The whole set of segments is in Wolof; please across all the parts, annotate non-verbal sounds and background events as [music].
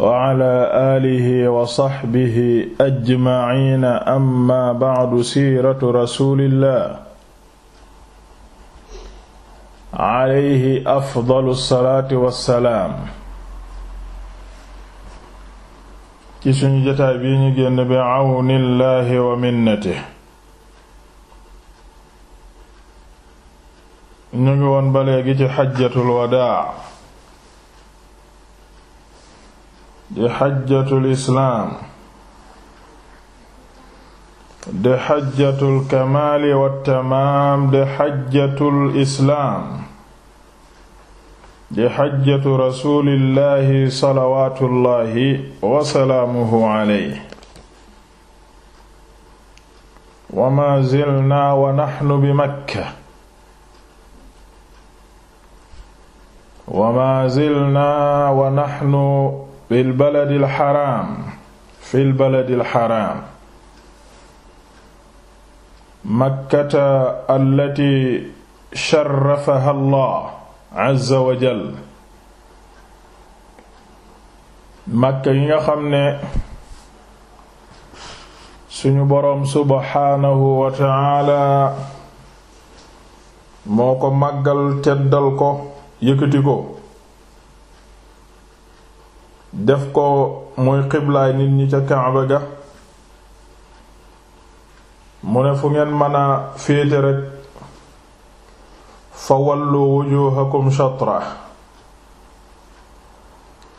wa ala aalihi wa saxbihi ajmaciina amma bacdu siiratu rasuulillah alayhi afdalu salaati wa salaam. ci sunu jotaay bii ñu génn bi cawni llaahi wa minnatihi. ñu ngi woon ba léegi ci xajjatul wadaa. di xajjatul islaam di xajjatul kamaali wattamaam di xajjatul islaam di xajjatu rasuulillahi salawaatullahi wasalaamuhu alayhi wa maa zilnaa wa naxnu bi makka wa fil baladil xaraam fil baladil xaraam makkata allati sharrafaha allah makka yi nga xam ne suñu boroom subhaanahu wa taala moo ko màggal teddal ko yëkkati ko def ko muy xiblaay nit ñi ca Kaaba ga mu ne fu ngeen mën a féete rekk fa wallu wujuhakum shatra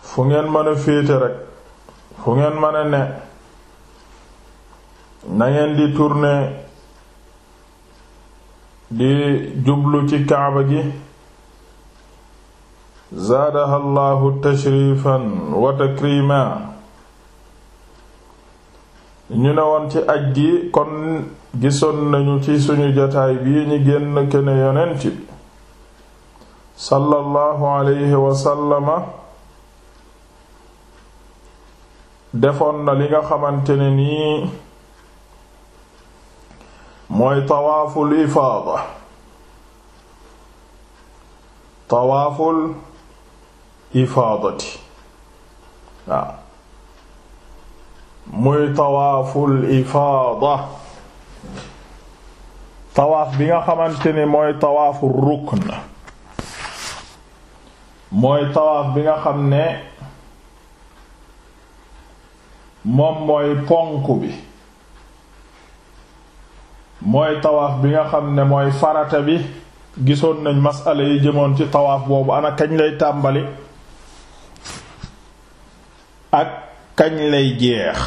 fu ngeen mën a féete rekk fu ngeen mën a ne na ngeen di tourner di jublu ci Kaaba gi zaadaha allahu tashrifan wa takrima ñu ne woon ci aj gi kon gisoon nañu ci suñu jataay bii ñi génn kene yonent bi sallallahu alayhi wasallama defoon na li nga xamante ne mooy tawaaful ifaada tawaaful ifaadati waaw muy tawaaful ifaada tawaaf bi nga xamante ni mooy tawaafu rukn mooy tawaaf bi nga xam ne moom mooy ponk bi mooy tawaaf bi nga xam ne mooy farata bi gisoon nañ masala yi jëmoon ci tawaaf boobu ana kañ lay tàmbali ak kañ lay jeex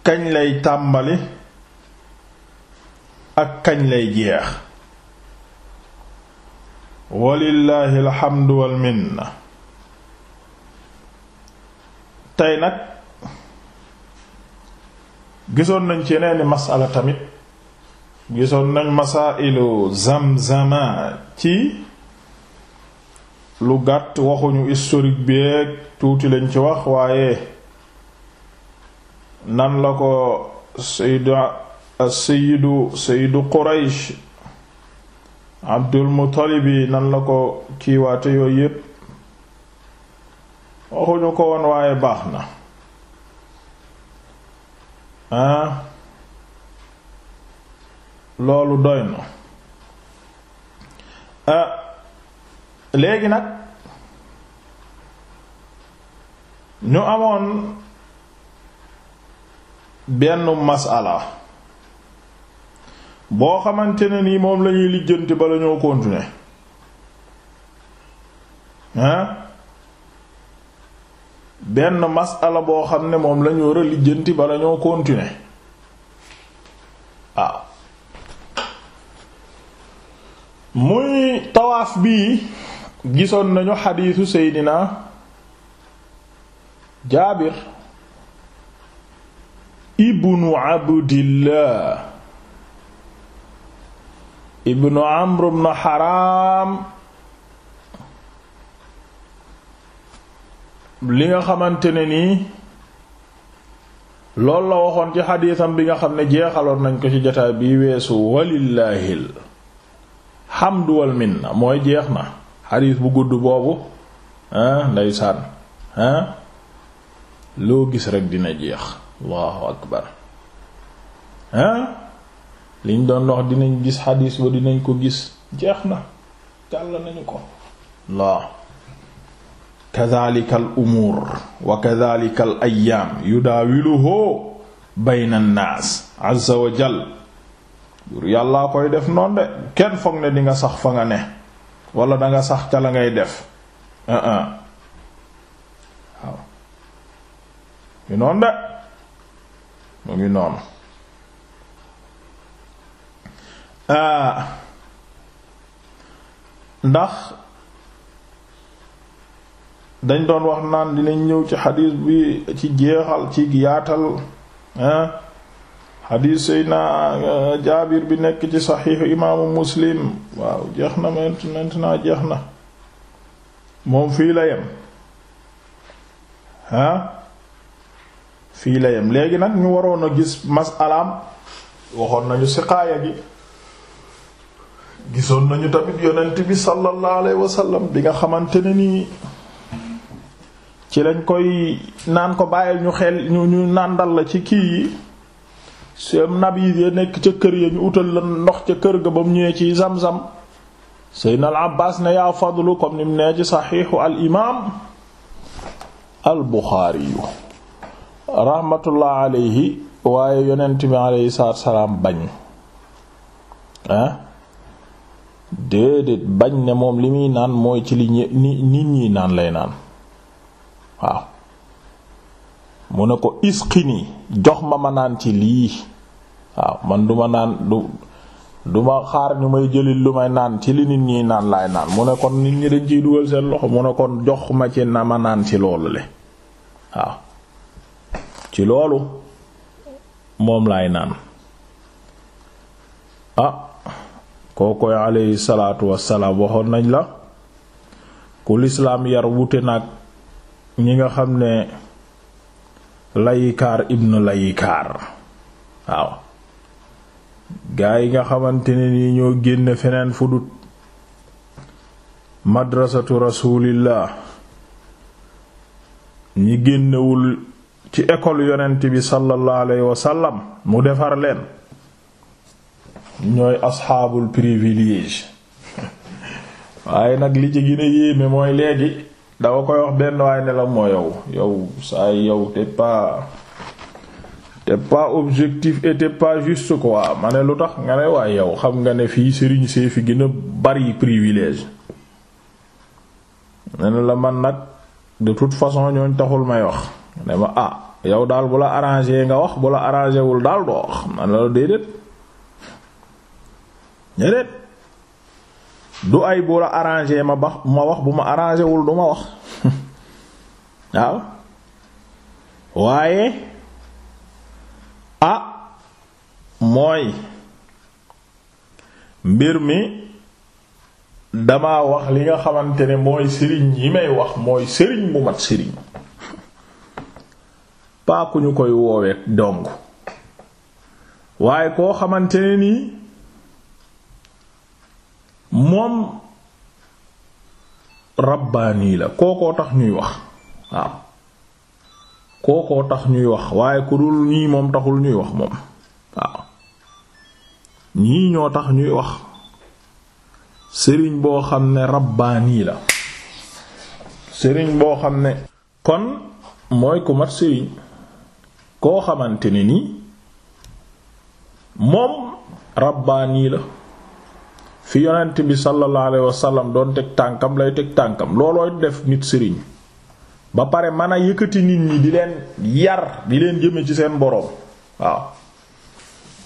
kañ lay tàmbali ak kañ lay jeex walillahi alhamdu wal minna tey nag gisoon nañ ci yeneeni masala tamit gisoon nañ masailu zamzama ci lu gàtt waxuñu historique beeg tuuti lañ ci wax waaye nan la ko sayyidu sayyidu sayyidu Quraysh Abdul Muttalib yi nan la ko kiiwaate yooyu yépp waxuñu ko woon waaye baax na ah loolu doy na ah. léegi nag ñu amoon benn masala boo xamante ne nii moom lañuy lijjanti ba la ñoo continuer benn masala boo xam ne moom lañu war a lijjanti ba la ñoo continuer waaw muy tawaaf bii gisoon nañu xadiisu seydina jaabir ibnu abdillah ibnu amr ibnu haram li nga xamante ne nii loolu la waxoon ci xadiisam bi nga xam ne jeexaloon nañ ko ci jotaay bi weesu walillahil hamdu minna mooy jeex na xadiis bu gudd boobu ah ndeysaan ah loo gis rekk dina jeex allahu akbar ah liñ doon wax dinañ gis xadiis ba dinañ ko gis jeex na jàll nañu ko waaw kadhalika al umuur wa kadhalika al ayyaam yudaawiluhu bayna an-naas azza wa jal buur yàllaa koy def noon de kenn foog ne dinga sax fa nga ne wala danga sax ca la ngay def ah, ah. waaw ngi noon de mu ngi noonu ah. ndax dañ doon wax naan dinañ ñëw ci xadiis bi ci jeexal ci yaatal ah xadiis Seydina uh, Jaabir bi nekk ci saxiixu imaamu Muslim waaw jeex na maintenant jeex na moom fii la yem ah fii la yem léegi nag ñu waroon a gis masalaam waxoon nañu siqaaya gi gisoon nañu tamit yonent bi sallallahu alayhi wa bi nga xamante ne nii ci lañ koy naan ko bàyyi ñu xel ñu ñu nàndal la ci kii yi seen nab yi nekk ca kër ya ñu utal la ndox ca kër ga ba mu ñëwee ci zam-zam seydna al abbas ne yaa fadlu comme nim nee ci saxiixu al imaam al buxaari yu rahmatullah alayhi waaye yonent bi alayhi salaatu salaam bañ ah? déedéet bañ ne moom li muy naan mooy ci li nit ñi naan lay naan waaw mu ne ko isqini jox ma ma naan ci lii waaw man du ma naan du du ma xaar ñu may jëlil lu may naan ci li nit ñi naan laay naan mu ne kon nit ñi dañ ciy dugal seen loxo mu ne kon jox ma ci na ma naan ci loolu le waaw ci loolu moom laay naan ah kookoy alayhi salaatu wassalaam waxoon nañ la ku lislaam yar wute nag ñi nga xam ne laykaar ibn laykaar waaw gaa yi nga xamante ne nii ñoo génne feneen fu dut madrasatu rasulillah ñi génnewul ci école yonent bi sallallahu alayhi wa mu defar leen ñooy asxaabul privilège [laughs] waaye nag li ci gën yéeme mooy léegi da koy wax benn waaye nelaw moo yow yow saa yow t'es pas t'es pas objectif et t'es pas juste quoi ma ne lu tax nga ne waaye yow xam nga ne fii Serigne see fi gën a bari privilège ne ne la man nag de toute façon ñooñ taxul may wax ne ma ah yow daal bu la arrangé nga wax bu la arrangé wul daal doo wax ma ne la déedéet déedéet du ay bu la arrangé ma bax ma wax bu ma arrangé wul du ma wax waaw waaye a mooy mbir mi dama wax li nga xamante ne mooy sëriñ yi may wax mooy sëriñ bu mat sëriñ paa koy woowee dong waaye koo xamante ne nii moom rabbaani la kookoo tax ñuy wax waaw kookoo tax ñuy wax waaye ku dul ñii moom taxul ñuy wax moom waaw ñii ñoo tax ñuy wax sëriñ boo xam ne rabbaani la sëriñ boo xam ne kon mooy ku mat sëriñ koo xamante ne nii moom rabbaani la fi yonent bi sallallahu alayhi wasallam doon teg tànkam lay teg tànkam loolooy def nit sëriñ ba pare mën a yëkkati nit ñi di leen yar di leen jëme ci seen boroom waaw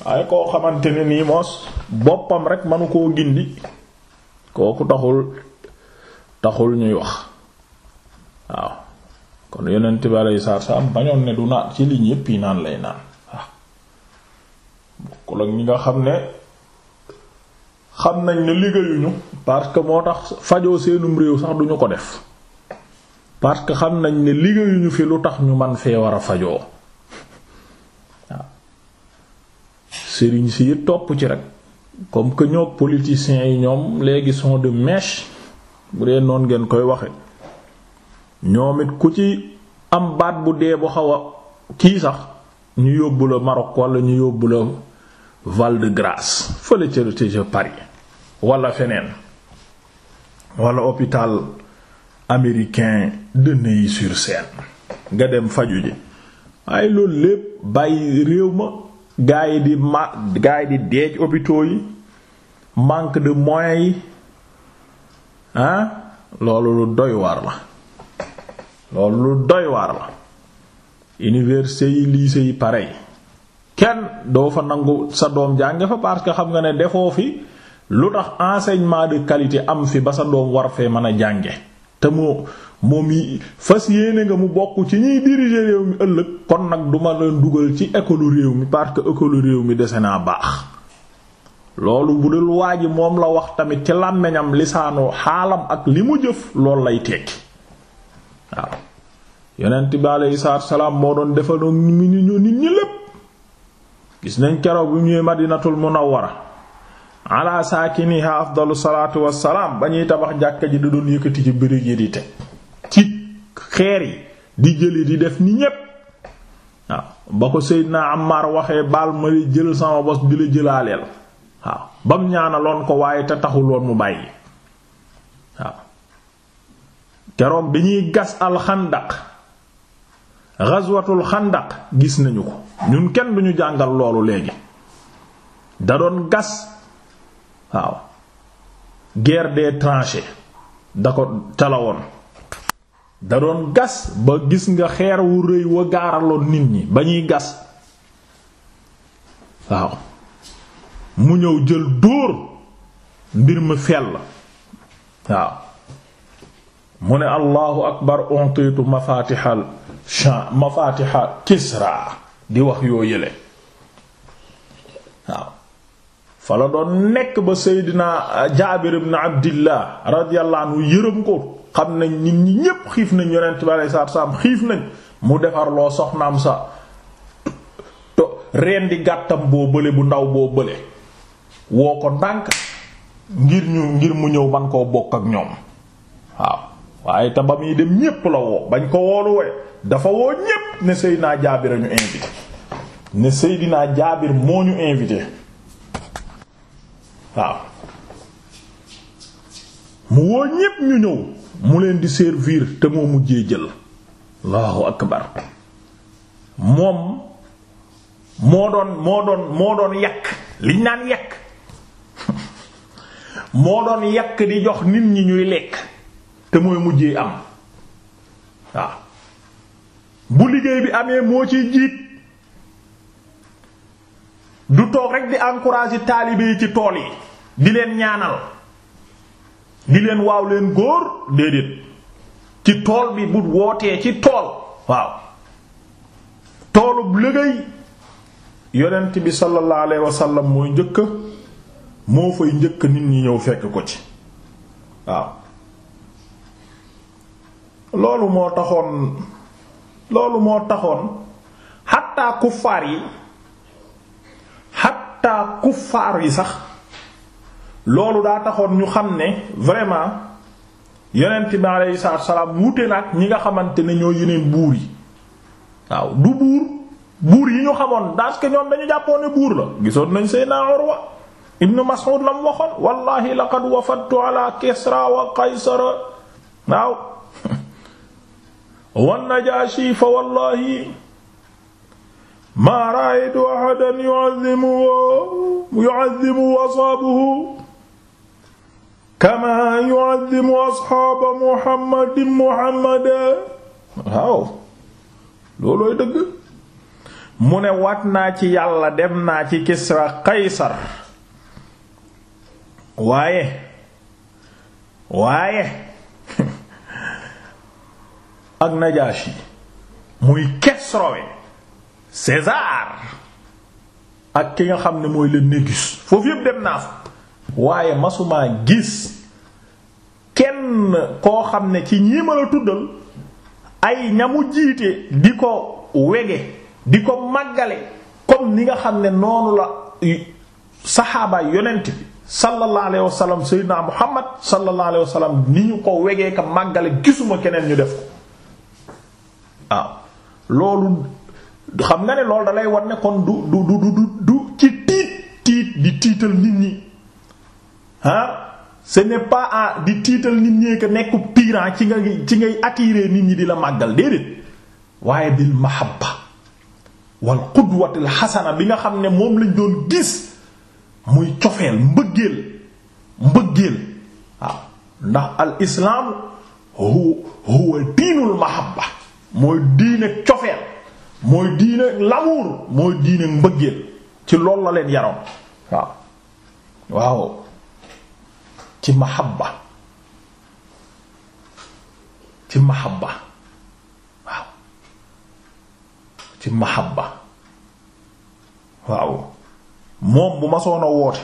waaye koo xamante ne nii moos boppam rek manu koo gindi kooku taxul taxul ñuy wax waaw kon yonent bi alayhi salaatu salaam bañoon ne du naan ci liñ yépp yi naan lay naan waaw bokkul ak ñi nga xam ne xam nañ ne liggéeyuñu parce que moo tax fajoo seenum réew sax duñu ko def parce que xam nañ ne liggéeyuñu fi lu tax ñu man fee wara fajoo sëriñ si topp ci rek comme que ñoo politiciens yi ñoom léegi sont de mèche bu dee noon ngeen koy waxe ñoom it ku ci am baat bu dee bu xaw a kii sax ñu yóbbu la Maroc wala ñu yóbbu la val de grace fële ca ca Paris wala feneen wala hôpital américain de Neuilly-sur-Seine nga dem faju ji waaye loolu lépp bàyyi réew ma gaa yi di ma gaa yi di deej hôpitaux yi manque de moyens yi ah loolu lu doy waar la loolu lu doy waar la université yi lycée yi pareil kenn doo fa nangu sa doom jànge fa parce que xam nga ne defoo fi lu tax enseignement de qualité am fi ba sa doom war fee mën a jànge te moo moom yi fas yéene nga mu bokk ci ñuy diriger réew mi ëllëg kon nag duma leen dugal ci école réew mi parce que école réew mi dese naa baax loolu bu dul waa ji moom la wax tamit ci làmmiñam lisaanu xaalam ak li mu jëf lool lay tekki waaw yonent bi aleyhi salaam moo doon defaloon mi ñu nit ñi lépp gis nañ keroog bi ñuy Madinatul wara ala saakiniha afdalu salaatu wassalaam ba ñuy tabax jàkka ji da doon yëkkati ci bërig yi di teg ci xeer yi di jëli di def ni ñépp waaw ba ko Seydina Ammar waxe baal ma lay jël sama bos di la jëlaaleel waaw bam ñaanaloon ko waaye te taxuloon mu bàyyi waaw keroog bi ñuy gas alxandaq ghazwatul xandaq gis nañu ko ñun kenn duñu jàngal loolu léegi da doon gas waaw guerre des tranchées da ko talawoon da doon gas ba gis nga xeer wu rëy wa gaaraloon nit ñi ba ñuy gas waaw mu ñëw jël dóor mbir mi fel waaw mu ne allahu akbar ontitu mafatihal mafatihal kisra di wax yoo yële fa la doon nekk ba Seydina euh, Jaabir ibn Abdillah radiyallahu anhu yërëm ko xam nañ nit ñi ñépp xiif nañ yonent bi alayhi salaatu salaam xiif nañ mu defar loo soxnaam sa to reen di gàttam boo bële bu ndaw boo bële woo ko ndànk ngir ñu ngir mu ñëw ban koo bokk ak ñoom waaw waaye te ba muy dem ñépp la woo bañ ko wooluwee dafa woo ñépp ne Seydina Jaabir a ñu invité ne Seydina Jaabir moo ñu invité waaw mu woo ñépp ñu ñëw mu leen di servir te moo mujjee jël allahu akbar moom moo doon moo doon moo doon yàq liñ naan yàq [laughs] moo doon yàq di jox nit ñi ñuy lekk te mooy mujjee am waaw bu liggéey bi amee moo ciy jiit du toog rek di encourager taalibe yi ci tool yi di leen ñaanal di leen waaw leen góor déedéet ci tool bi bu wootee ci tool waaw toolub liggéey yonent bi sallallahu alayhi wa sallam mooy njëkk moo fay njëkk nit ñi ñëw fekk ko ci waaw loolu moo taxoon loolu moo taxoon xatta kuffaar yi xatta kuffaar yi sax loolu daa taxoon ñu xam ne vraiment yonent bi aleyhi salaatu salaam wuute nag ñi nga xamante ne ñoo yeneen buur yi waaw du buur buur yi ñu xamoon parce que ñoom dañu jàppoon ne buur la gisoon nañ Seydina Urwa ibnu Mas'ud la mu waxoon wallahi laqad wafadtu ala Kisra wa Qaysara waaw [laughs] wan Najaashi fa wallahi maa ra'aytu ahadan yu'azzimu yu'azzimu asaabahu kamaa yu'azzimu asxaaba muhammadin muhammadan waaw loolooy dëgg mu ne wat naa ci yàlla dem naa ci Kisra Qaysar waaye waaye [laughs] ak Najaashi muy Kisrawe César ak ki nga xam ne mooy le Négus foofu yëpp dem naa fa waaye masumaa gis kenn koo xam ne ci ñii ma la tuddal ay ñamu jiite di ko wege di ko màggale comme ni nga xam ne noonu la saxaabaay yonent bi sallallahu alayhi wa sallam sayyidina Muhammad sallallahu alayhi ni ñu ko wegee ka màggale gisuma keneen ñu def ko waaw loolu xam nga ne loolu dalay war nekkoon kon du du du du du ci tiit tiit di tiital nit ñi ah ce n'est pas à di tiital nit ñee que nekk piran ci nga ci ngay attirer nit ñi di la màggal déedéet waaye bil mahabba wal qudwatil xasana bi nga xam ne moom lañ doon gis muy cofeel mbëggeel mbëggeel ndax al islaam huwa diinul mahabba mooy diine cofeel mooy diine l'amour mooy diine mbëggeel ci loolu la leen yaroon waaw waaw ci mahabba ci mahabba waaw ci mahabba waaw moom bu ma soona woote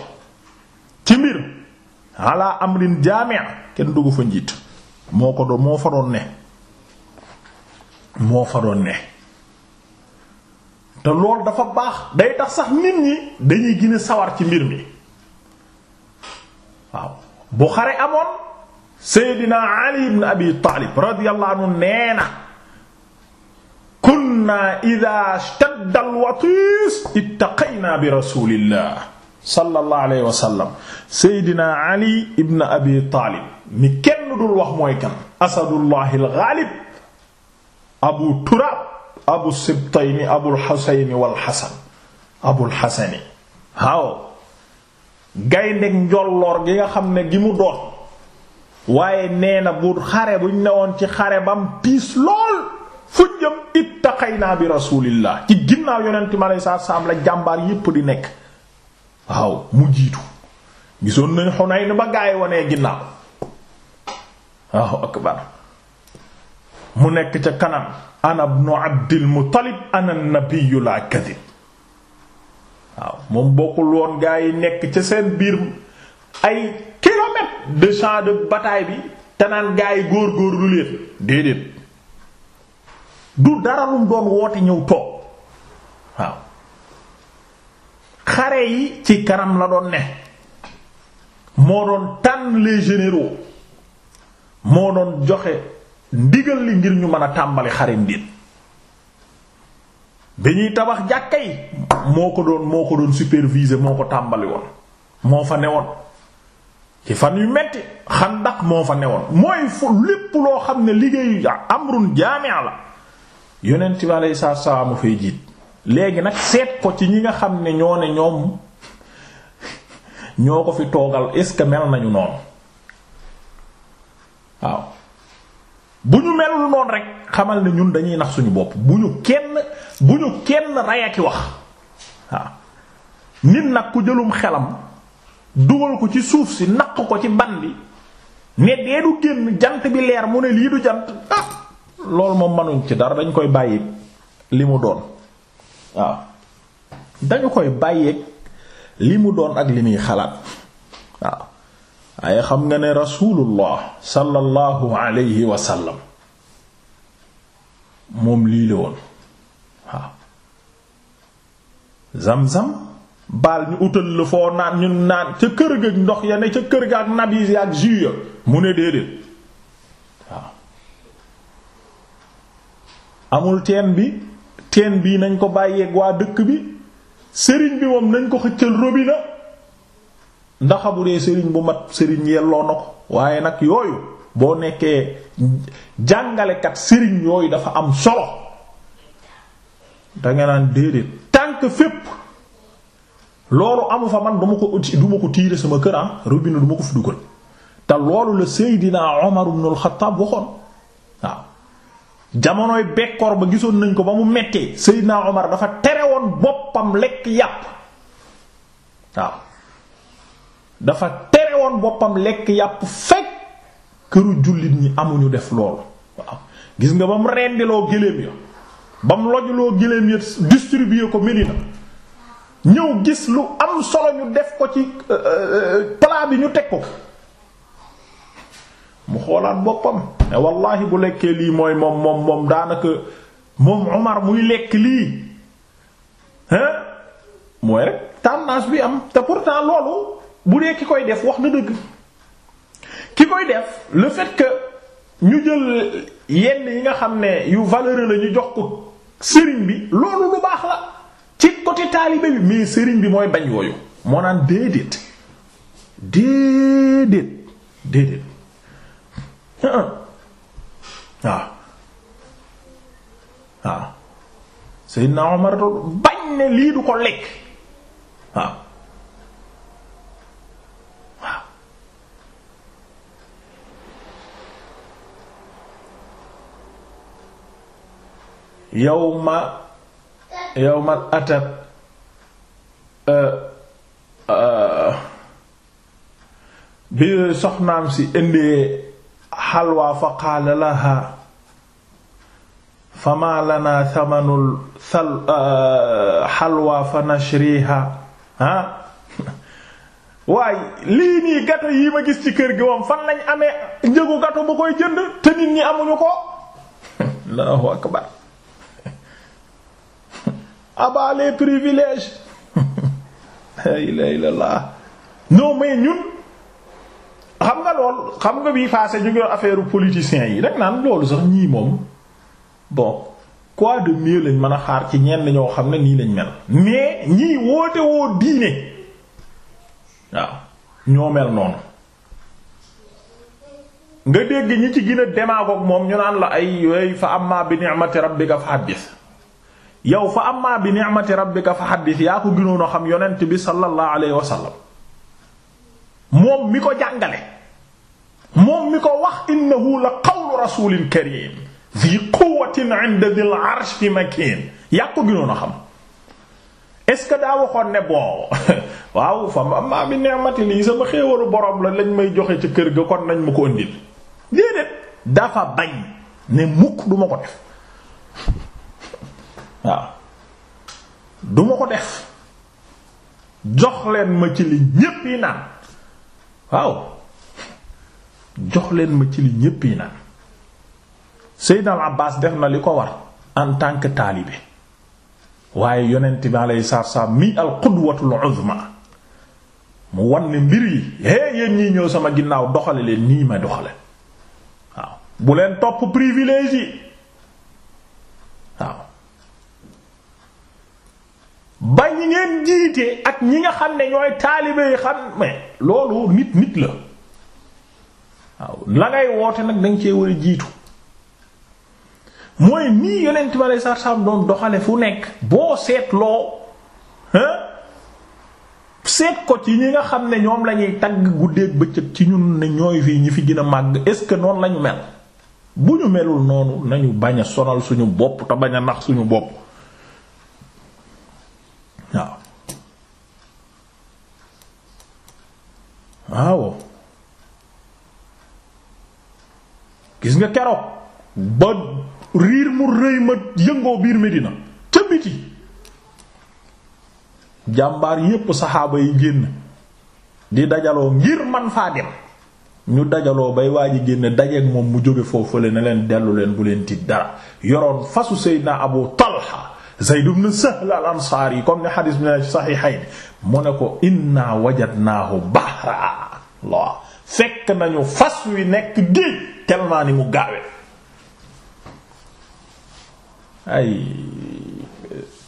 ci mbir ala amrin jaami' kenn dugg fa njiit moo ko doon moo fa doon ne moo fa doon ne te loolu dafa baax day tax sax nit ñi dañuy gën a sawar ci mbir mi waaw bu xare amoon seydina ali ibn abi taalib radiyallahu anhu nee na kunna idha ishtadda al-watis ittaqayna bi rasulillah sallallahu alayhi wa sallam seydina ali ibn abi taalib mi kenn dul wax mooy kan asadullah al-ghalib abu turab abu sibtayni abul xuseyni wal xasan abul waaw gaynde njolloor gi nga xam ne gi mu doon waaye nee na bu xare buñ newoon ci xare bam piis lool fu jëm ittaqaynaa bi rasulillah ci ginnaaw yonent mi aleyhi salaatu salaam la jàmbaar yépp di nekk waaw mu jiitu gisoon nañ Hunayn ba gaay wonee ginnaaw waaw akbar mu nekk ca kanam ana ibnu abdil muttalib ana nabiyyu la waaw moom bokkul woon gaa yi nekk ca seen biir ay kilomètres de champ de bi te naan gaa yi góor-góorlu leen déedéet du dara lu mu doon woote ñëw toog waaw xare yi ci kanam la doon ne moo doon tànn les moo doon joxe ndigal li ngir ñu mën a tàmbali xarit ndit bi ñuy tabax jàkka yi moo ko doon moo ko doon superviser moo ko tàmbali woon moo fa newoon ci fan yu metti xan xandax moo fa newoon mooy fu lépp loo xam ne liggéeyu amrun jaamia la yonent bi aleyhi salaatu salaam fay jiit léegi nag seet ko ci ñi nga xam ne ñoo ne ñoom [laughs] ñoo ko fi toogal est ce que mel nañu noonu xamal na ñun dañuy nax suñu bopp bu ñu kenn bu ñu kenn ray aki wax waaw nit nag ku jëlum xelam dugal ko ci suuf si naq ko ci ban bi ne dee du génn jant bi leer mu ne lii du jant ah loolu moom mënuñ ci dara dañ koy bàyyi li mu doon waaw dañu koy bàyyeeg li mu doon ak li muy xalaat waaw waaye xam nga ne rasulullah sallallahu alayhi wa sallam moom lii la woon waaw zam-zam baal ñu utal la foo naan ñu naan ca kër ga ndox ya ne ca kër ga ak nabis ak jus ya mu ne déedéet waaw amul teen bi teen bii nañ ko bàyyeeg waa dëkk bi sëriñ bi moom nañ ko xëccal robinet ndaxa bu dee sëriñ bu mat sëriñ yelloo na ko waaye nag yooyu boo nekkee jàngalekat sëriñ yooyu dafa am solo danga naan déedéet tànk fépp loolu amu fa man duma ko uti duma ko tiire sama kër ah robinet duma ko fi dugal te loolu la seydinaa Omar ibn al waxoon waaw jamonoy bekkoor ba gisoon nañ ko ba mu mettee Seydina Omar dafa tere woon boppam lekk yàpp waaw dafa tere woon boppam lekk yàpp fekk këru jullit ñi amuñu def loolu waaw gis nga ba mu rendiloo géléem ya ba mu lojuloo géléem ya distribuer ko Medina ñëw gis lu am solo ñu def ko ci euh, euh, plat bi ñu teg ko mu xoolaat boppam mais wallaahi bu lekkee lii mooy moom moom moom daanaka moom Omar muy lekk lii hein mooy rek tendance bi am te pourtant loolu bu dee ki koy def wax na dëgg ki koy def le fait que ñu jël yenn yi nga xam ne yu valeureux la ñu jox ko sëriñ bi loolu lu baax la ci côté taalibe bi mais sëriñ bi mooy bañ yooyu moo naan déedéet déedéet déedéet waaw ah. ah. waaw Seydina Omar bañ ne lii du ko lekk waaw ah. yawma yawma atat euh, euh, bi soxnaam si indee xalwa fa qaala laha fama lana thamanul euh, xalwa fa nashriha ah [laughs] waaye lii nii gato yi ma gis ci kër gi moom fan lañ amee njëgu gato bu koy jënd te nit ñi amuñu ko [laughs] abat ah les privilèges [laughs] la ñun xam nga lool xam nga bii passé ñu ngi affaire politiciens yi rek naan loolu sax ñii moom bon quoi de mieux lañ mën a xaar ci ñenn ñoo xam ne nii lañ mel mais ñii woote woo diine waaw ñoo mel noonu nga dégg ñi ci gën a démagogue moom ñu naan la ay way fa amma bi ni'mati rabbika fa hadith yow fa amma bi ni'mati rabbika fa xaddis yaa ko gënoon a xam yonent bi sallallahu alayhi wa sallam moom mi ko jàngale moom mi ko wax innahu la qawlu rasulin karim dhi quwwatin 'inda dhil 'arshi ce que daa waxoon ne bon [laughs] waaw fa amma bi ni'mati lii sama xéewalu borom la lañ may joxe ci kër ga kon nañ ma ko ëndil déedéet dafa bañ ne mukk duma ko def waaw du ma ko def jox leen ma ci li ñépp naan waaw jox leen ma ci li ñépp yi naan Seydina Al def na li ko war en tant que taalibe waaye yonent bi alayhi salaam mi al qudwatul uzma mu wan ne mbir yi hé yéen ñii ñëw sama ginnaaw doxale leen nii ma doxale waaw bu leen topp privilège bañ ñi ngeen jiite ak ñi nga xam ne ñooy taalibe yi xam mais loolu nit nit la waaw la ngay woote nag danga cee war a jiitu mooy nii yonent bi aleyhi salaatu salaam doxale fu nekk boo seet seetloo seet ko ci ñi nga xam ne ñoom lañuy tagg guddeeg bëccëg ci ñun ne ñooy fii ñi fi gën a màgg est-ce que noonu lañu mel bu ñu melul noonu nañu bañ a sonal suñu bopp te bañ a nax suñu bopp waaw gis nga keroog ba riir mu rëy ma yëngoo biir Medina ca biti jàmbaar yépp saxaaba yi génn di dajaloo ngir man faa dem ñu dajaloo bay waa ji génn dajeeg moom mu jóge foofu la ne leen dellu leen bu leen tiit dara yoroon fasu Seydina Abu Talha Zayd ibn Sahl al-Ansari comme ni xadis bi ne ci saxiixayn mu ne ko inna wajadnaahu bahra la fekk nañu fas wi nekk géej tellement mu gaawe ay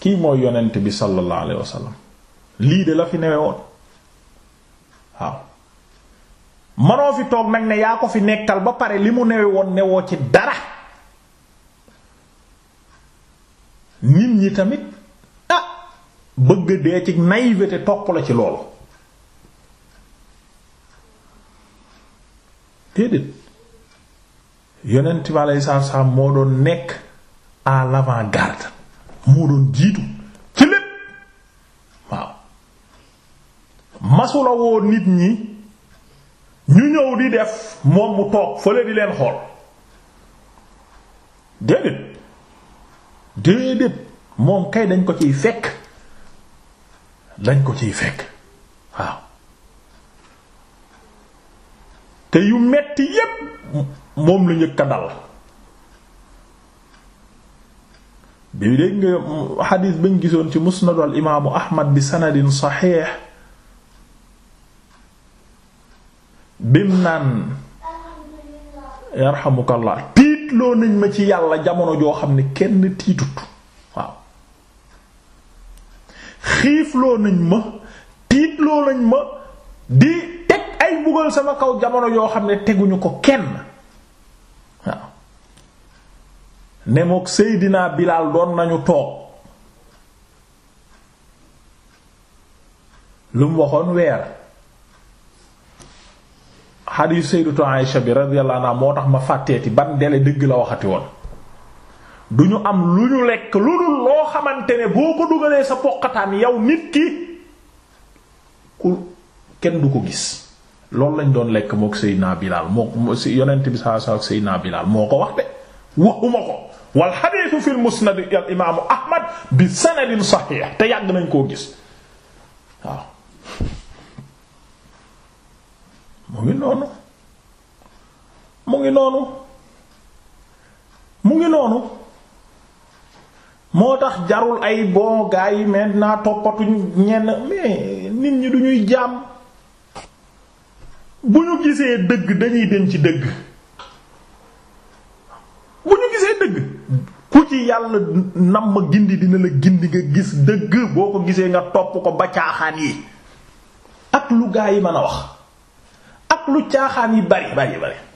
kii mooy yonent bi sallallahu alayhi wasallam lii de la fi newe woon waaw manoo fi toog nag ne yaa ko fi nekkal ba pare li mu newe woon newoo ci dara nit ñi tamit bëgg dee ci naïveté topp la ci loolu déedéet yonent bi aleyhi salaatu moo doon nekk à l'avant-garde moo doon jiitu ci lépp waaw masula woo nit ñi ñu ñëw di def moom mu toog fële di leen xool déedéet déedéet moom kay dañ ko ciy fekk dañ ko ciy fekk waaw te yu metti yépp moom la njëkk a dal bi dégg nga xadiis bañ gisoon ci musnadu al imaamu ahmad bi sanadin saxiix bim naan yarxamukallah tiitloo nañ ma ci yàlla jamono joo xam ne kenn tiitut xiifloo nañ ma tiitloo nañ ma di teg ay mbugal sama kaw jamono yoo xam ne teguñu ko kenn waaw ne mook Seydina Bilaal doon nañu toog lu mu waxoon weer xadiis Sayyidatu Aïsha bi radiyallahu moo tax ma fàtteeti ban dele dëgg la waxati woon du ñu am lu ñu lekk lu dul loo xamante ne boo ko dugalee sa poqataan yow nit ki ku kenn du ko gis loolu lañ doon lekk mook moo yonent bi saa saa Bilaal moo ko wax de waxuma ko wal xadiisu fil musnad al imaamu Ahmad bi sanadin saxiix te yàgg nañ koo gis waaw mu ngi noonu mu ngi noonu mu ngi noonu moo tax jarul ay bon gars yi maintenant toppatuñ ñenn mais nit ñi du ñuy jaam bu ñu gisee dëgg dañuy dem ci dëgg bu ñu gisee dëgg ku ci yàlla nam ma gindi dina la gindi nga gis dëgg boo ko gisee nga topp ko ba caaxaan yi ak lu gaa yi mën a wax ak lu caaxaan yi bari bari bari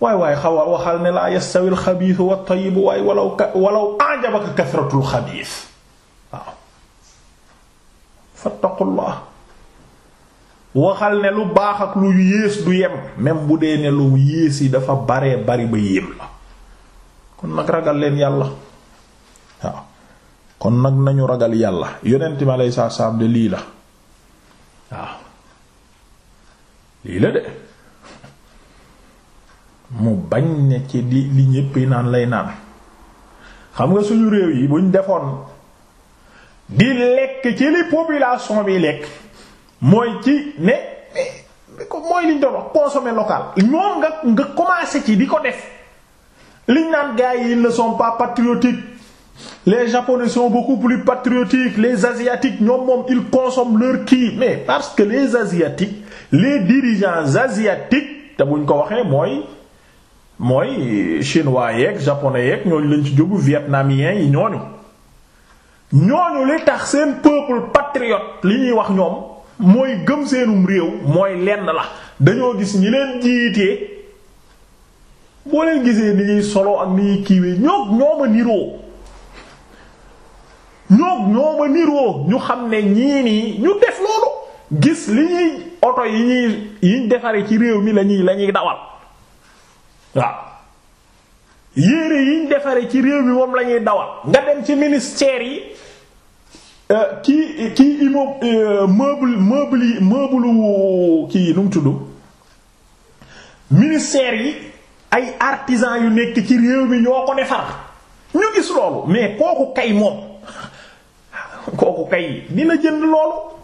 waay waaye xaw a waxal ne laa yastawi alxabiisu wattayibu waay walaw walaw ajabaka kasratul xabiis waaw fattaqullah waxal ne lu baax ak lu yées du yem même bu dee ne lu yées yi dafa bare bari ba yem la kon nag ragal leen yàlla waaw kon nag nañu ragal yàlla yonent mi alayhi salaam de lii la waaw lii la de mu bañ ne ci li li ñépp naan lay naan xam nga suñu réew yi buñ defoon di lekk ci li population bi lekk mooy ci ne mooy liñ doon wax consommer local ñoom nga nga commencé ci di ko def liñ naan gars yi ils ne sont pas patriotiques les japonais sont beaucoup plus patriotiques les asiatiques ñoom moom ils consomment leur kii mais parce que les asiatiques les dirigeants asiatiques te buñ ko waxee mooy mooy chinois yeeg japonais yeeg ñooñu lañ ci jógu vietnamiens yi ñooñu ñooñu li tax seen peuple patriote li ñuy wax ñoom mooy gëm seenum réew mooy lenn la dañoo gis ñi leen jiitee boo leen gisee ni ñuy solo ak ni ñuy kiiwee ñoog ñoo ma niroo ñoog ñoo ma niroo ñu xam ne ñii nii ñu def loolu gis li ñuy oto yi ñuy defaree ci réew mi lañuy lañuy dawal waaw yére yiñ defaree ci réew mi moom lañuy ñuy dawal nga dem ci ministère yi euh, kii ki immeuble euh, meuble meuble yi meuble nu mu tudd ministère yi ay artisan yu nekk ci réew mi ñoo ko defar ñu gis loolu mais kooku kay moom [laughs] kooku kay dina jënd loolu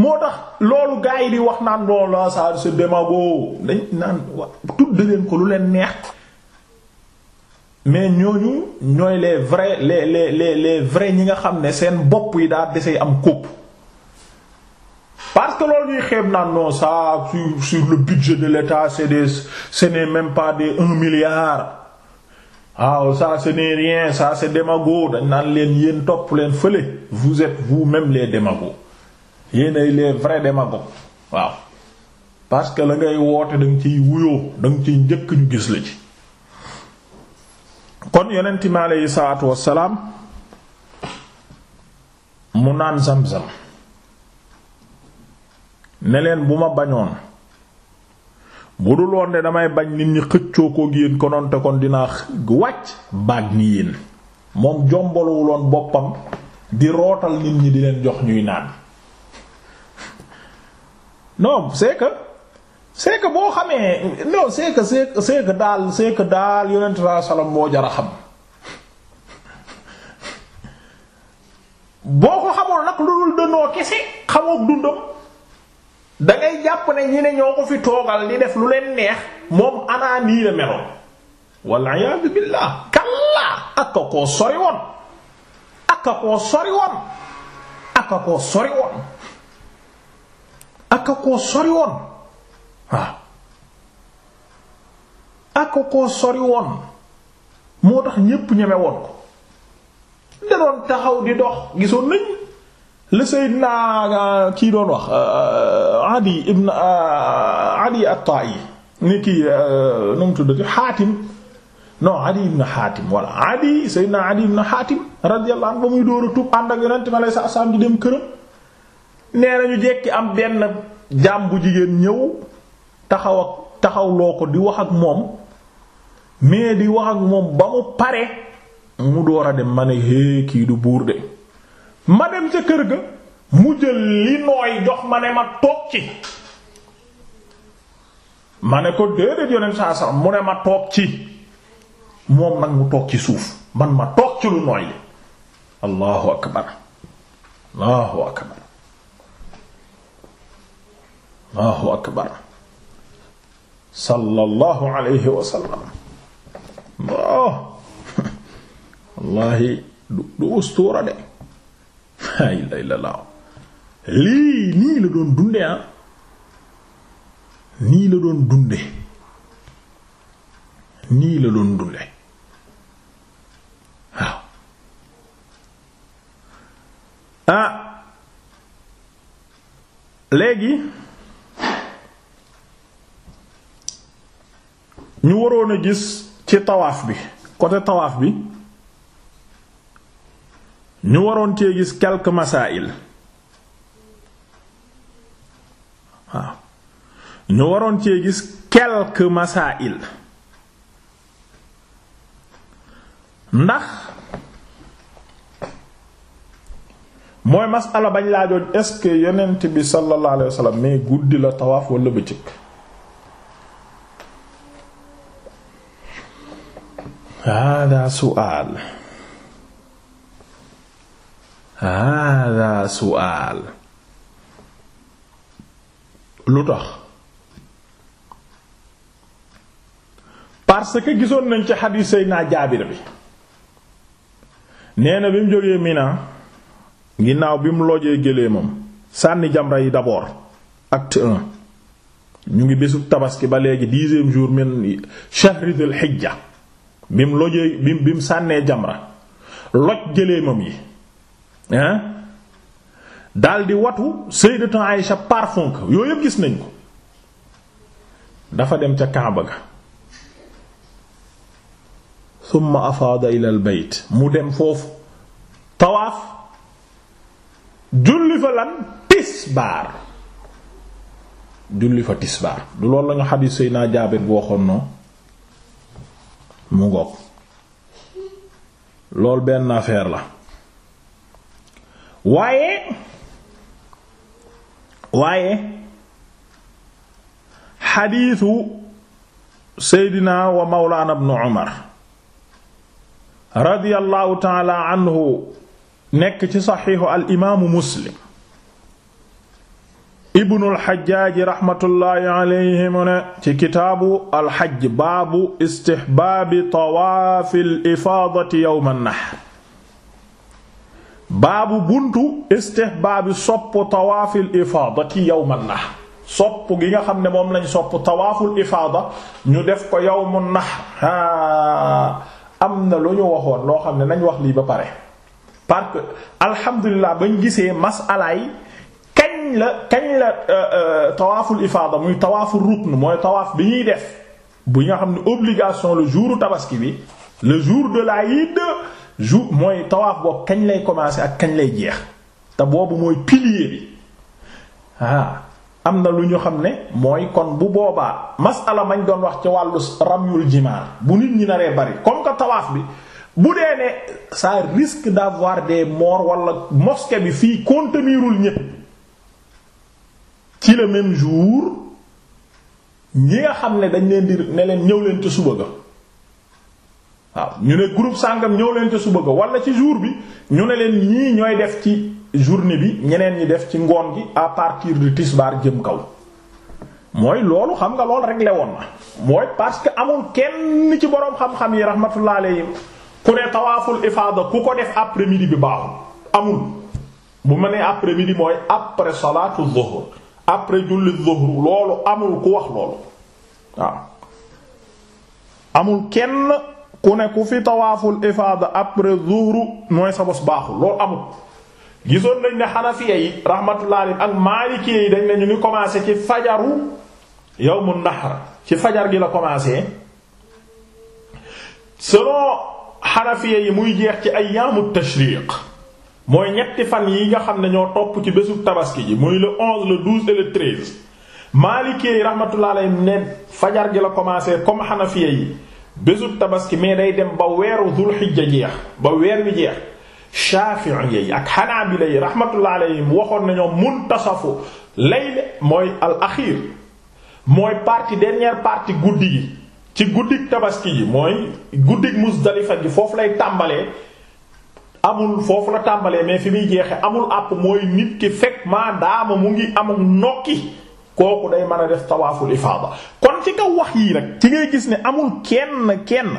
moo tax loolu gars yi di wax naan loolu la sa se démago dañ naan wa tudd leen ko lu leen neex mais ñooñu ñooy les vrais les les les les vrais ñi nga xam ne seen bopp yi daa desee am kópp parce que loolu ñuy xeeb naan non ça sur sur le budget de l'État c'est des ce n'est même pas des un milliard waaw ah, ça ce n'est rien ça c'est démago dañ naan leen yéen topp leen fële vous êtes vous-même les démagos yéenay les vrais démagogues waaw parce que la ngay woote da ciy wuyoo da nga ciy njëkk ñu gis la ci kon yonent mi aleyhi salaatu wassalaam mu naan zam-zam ne leen bu ma bañoon bu dul woon de damay bañ nit ñi xëccoo koog yéen konoon te kon dinaa wàcc baag ni yéen moom jombaluwuloon boppam di rootal nit ñi di leen jox ñuy naan non c'est que c'est que boo xamee non c'est que c'est que daal c'est que daal yonent sallallahu alayhi moo jar a xam boo ko xamoon nag lu dul dënnoo kese xamook dundam da ngay jàpp ne ñi ne ñoo ko fi toogal di def lu leen neex moom anaa nii la meloon walla iyaadu billaah kallaa aka koo sori woon aka koo sori woon aka koo sori woon aka koo sori woon sori woon moo tax ñépp ñeme woon ko da doon taxaw di dox gisoon nañ le Seydina euh, kii doon wax euh, Adi ibn euh, Adi at-Ta'i ni kii nu mu tuddati Hatim non Adi ibn Hatim voilà Adi Seydina Adi ibn Hatim radiyallahu anhu ba muy dóor a tub ànd ak yonent ma sa asam di dem këram nee nañu jekki am benn jaam bu jigéen ñëw taxaw ak taxaw ko di wax ak moom mais di wax ak moom ba mu pare mu door a dem ma ne hé kii du buur de ma dem ca kër ga mu jël li nooy jox ma ne ma toog ci ma ne ko déedéet yoneen ma toog ci moom nag mu toog ci suuf man ma toog ci lu nooy li allahu akbar allahu akbar Allahu akbar sallallahu alayhi wa sallam wallahi du du ustuura de laa ilaaha illallaah lii nii la doon dunde ah nii la doon dunde nii la doon dunde waaw ah léegi ñu waroon a gis ci tawaaf bi côté tawaaf bi ñu waroon cee gis quelques masail ñu waroon cee gis quelques masail ndax mooy masala bañ laajoon est-ce que yonent bi sallallahu alayhi wasallam mais guddi la tawaaf wala bëccëg hada su'aal hada su'aal lu tax parce que gisoon nañ ci xadiis Seydina Jaabir bi nee na bi mu jógee Mina ginnaaw bi mu lojee géléemam sànni jamra yi d'abord acte un ngi bésub tabaski ba léegi dixième jour min shahri dul bi mu lojee bi mu sànnee jamra loj gëléemam yi daldi watu sayyidatu Aïsha parfum ko yooyu yëpp gis nañ ko dafa dem ca Kaaba ga summa afaada ilal bayt mu dem foofu tawaaf julli fa lan tisbaar julli fa tisbaar du loolu lañu xadiis Seydina Jaabir bu waxoon noonu mu ngoog loolu benn affaire la waaye waaye xadiisu seydina wa mawlaana ibnu umar radiyallahu taala anhu nekk ci saxiixu al imaamu muslim ibnu alxajaaji raxmatullaahi alayhi mu ne ci kitaabu alxaj baabu istixbaabi tawaafi alifaadati yowma nahr baabu buntu istixbaabi sopp tawaafi alifaadati yowma nahr sopp gi nga xam ne moom lañ sopp tawaaful ifaada ñu def ko yowmu nahr haa am na lu ñu waxoon loo xam ne nañ wax lii ba pare parce que alxamdulillah bañ gisee masalaay la kañ la euh, euh, tawaaful ifaada muy tawaaful rukn mooy tawaaf bi ñuy def bu nga xam ne obligation le jour tabaski bi le jour de la l'Aïd jour mooy tawaaf boobu kañ lay commencer ak kañ lay jeex te boobu mooy pilier bi ah am na lu ñu xam ne mooy kon bu boobaa masala mañ doon wax ci wàllu ramyul jimaar bu nit ñi naree bari comme que tawaaf bi bu dee ne ça risque d'avoir de morts wala mosquée bi fii contenirul ñépp ci le jour ñi nga xam ne dañ leen di ne leen ñëw leen ca suba ga waaw ñu ne groupe sàngam ñëw leen ca suba ga wala ci jour bi ñu ne leen ñii ñooy def ci journée bi ñeneen ñi def ci ngoon gi à partir de tisbaar jëm kaw mooy loolu xam nga loolu rek lewoon na mooy parce que amul kenn ci boroom xam-xam yi rahmatullah alayhim ku ne tawaaful ifaada ku ko def après midi bi baaxul amul bu ma nee après midi mooy après salaatu dhuhr après julli zuhru loolu amul ku wax loolu amul kenn ku ne ku fi tawaaful ifaada après zuhru mooy sa bos baaxul loolu amul gisoon nañ ne xanafiya yi rahmatullah alayhi ak maaliki yi dañ ne ñu ngi commencé ci fajaru yawmun nahr ci fajar gi la commencé selon xanafiya yi muy jeex ci ayyaamu tashriq mooy ñetti fan yi nga xam ne ñoo topp ci bésu tabaski ji muy le 11 le 12 et le 13 maalikee yi rahmatullah alayhi ne fajar gi la commencé comme xanafiya yi bésu tabaski mais day dem ba weeru dul xijja jeex ba weer wi jeex shafi'iyya yi ak xanaabila yi rahmatullah alayhim waxoon nañoo muntasafu layl mooy al axir mooy partie dernière parti guddi gi ci guddik tabaski ji mooy guddik Muzdalifa gi foofu lay tàmbalee amul foofu la tàmbalee mais fi muy jeexe amul àpp mooy nit ki fekk maa daama mu ngi amul nokki kooku day mën a def tawaaful ifaada kon ci kaw wax yii nag ci ngay gis ni amul kenn kenn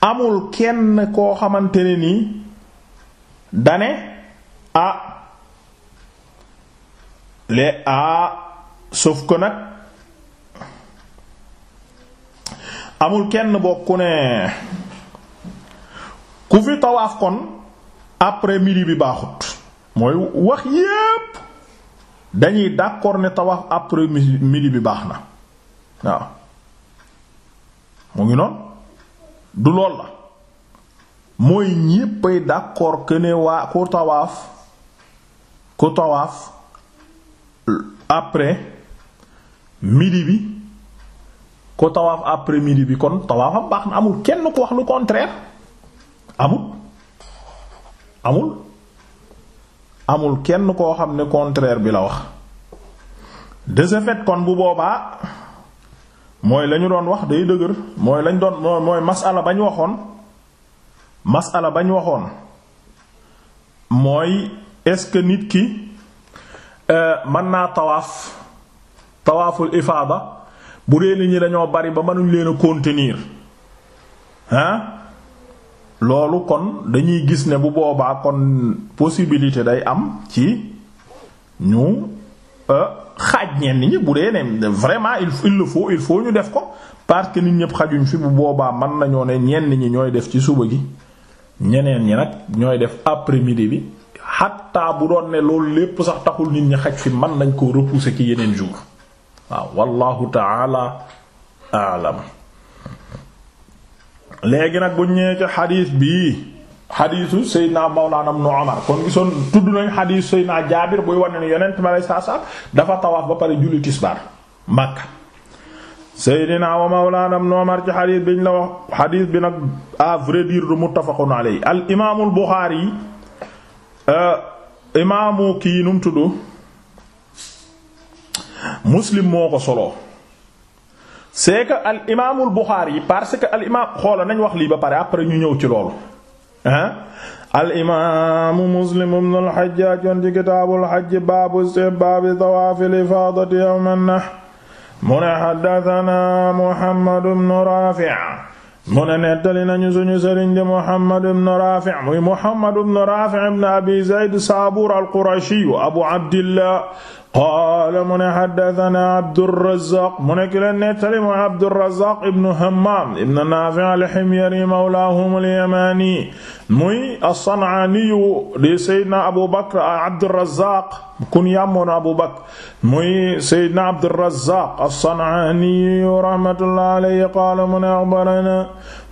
amul kenn koo xamante ne nii dane ah les ah sauf que nag amul kenn bokku ne ku fi tawaaf kon après midi bi baaxut mooy wax yépp dañuy d'accord ne tawaaf après midi bi baax na waaw mu ngi noonu du lool la mooy ñéppay d'accord que ne waa ku tawaaf ku tawaaf après midi bi ku tawaaf après midi bi kon tawaafam baax na amul kenn ku wax lu contraire amul amul amul kenn koo xam ne contraire bi la wax de kon bu boobaa mooy lañu doon wax day dëgër mooy lañ doon mooy masala bañ waxoon masala bañ waxoon mooy est-ce que nit ki euh, mën naa tawaaf tawaaful ifaada bu dee li ñi dañoo bari ba mënuñ leen a contenir hein loolu kon dañuy gis ne bu boobaa kon possibilité day am ci ñu euh, xaaj ñenn ñi bu dee ne vraiment il le faut il faut ñu def ko parce que nit ñëpp xajuñ fi bu boobaa mën nañoo ne ñenn ñi ñooy def ci suba gi ñeneen ñi nag ñooy def après-midi bi xatta bu doon ne loolu lépp sax taxul nit ñi xaj fi mën nañ koo repousser ki yeneen jour waaw wallahu ta'ala a'lam léegi nag bu ñëwee ci xadiis bii xadiisu Seydina Mawlana Ibn Umar kon gisoon tudd nañ xadiisu Seydina Jaabir buy wane ne yonent ma lay saa saa dafa tawaaf ba pare julli tisbaar Makka Seydina wa Mawlana Ibn Umar ci xadiis biñ la wax xadiis bi nag à vrai dire du muttafaqun alayhi al imaamul Buxaari euh, imaamu kii nu tudd Muslim moo ko solo. c'est que al imaamul Buxaari parce que al imaam xoola nañ wax lii ba pare après ñu ñëw ci loolu ah al imaamu Muslim ibn al Hajjaj yoon ci kitaabul hajj baabu istihbaabi tawaafil ifaadati yawman nahr mu ne haddathana Muhammad ibn Rafi' Muhammad ibn Rafi' Muhammad ibn Rafi' ibn Abi Zayd Saabur al-Qurashi Abu Abdillah qaala mu ne xaddatana Abdurrazaaq mu ne ki leen nettali mooy Abdurrazaaq ibnu Hammaam ibnu Naafi' al-Himyari mawlaahum al-Yamaani muy as-Sancaaniyu di Seydina Abu Bakr Abdurrazaaq kunyaam moo na Abu Bakr muy Seydina Abdurrazaaq as-Sancaaniyu rahmatullahi alayhi qaala mu ne axbaranaa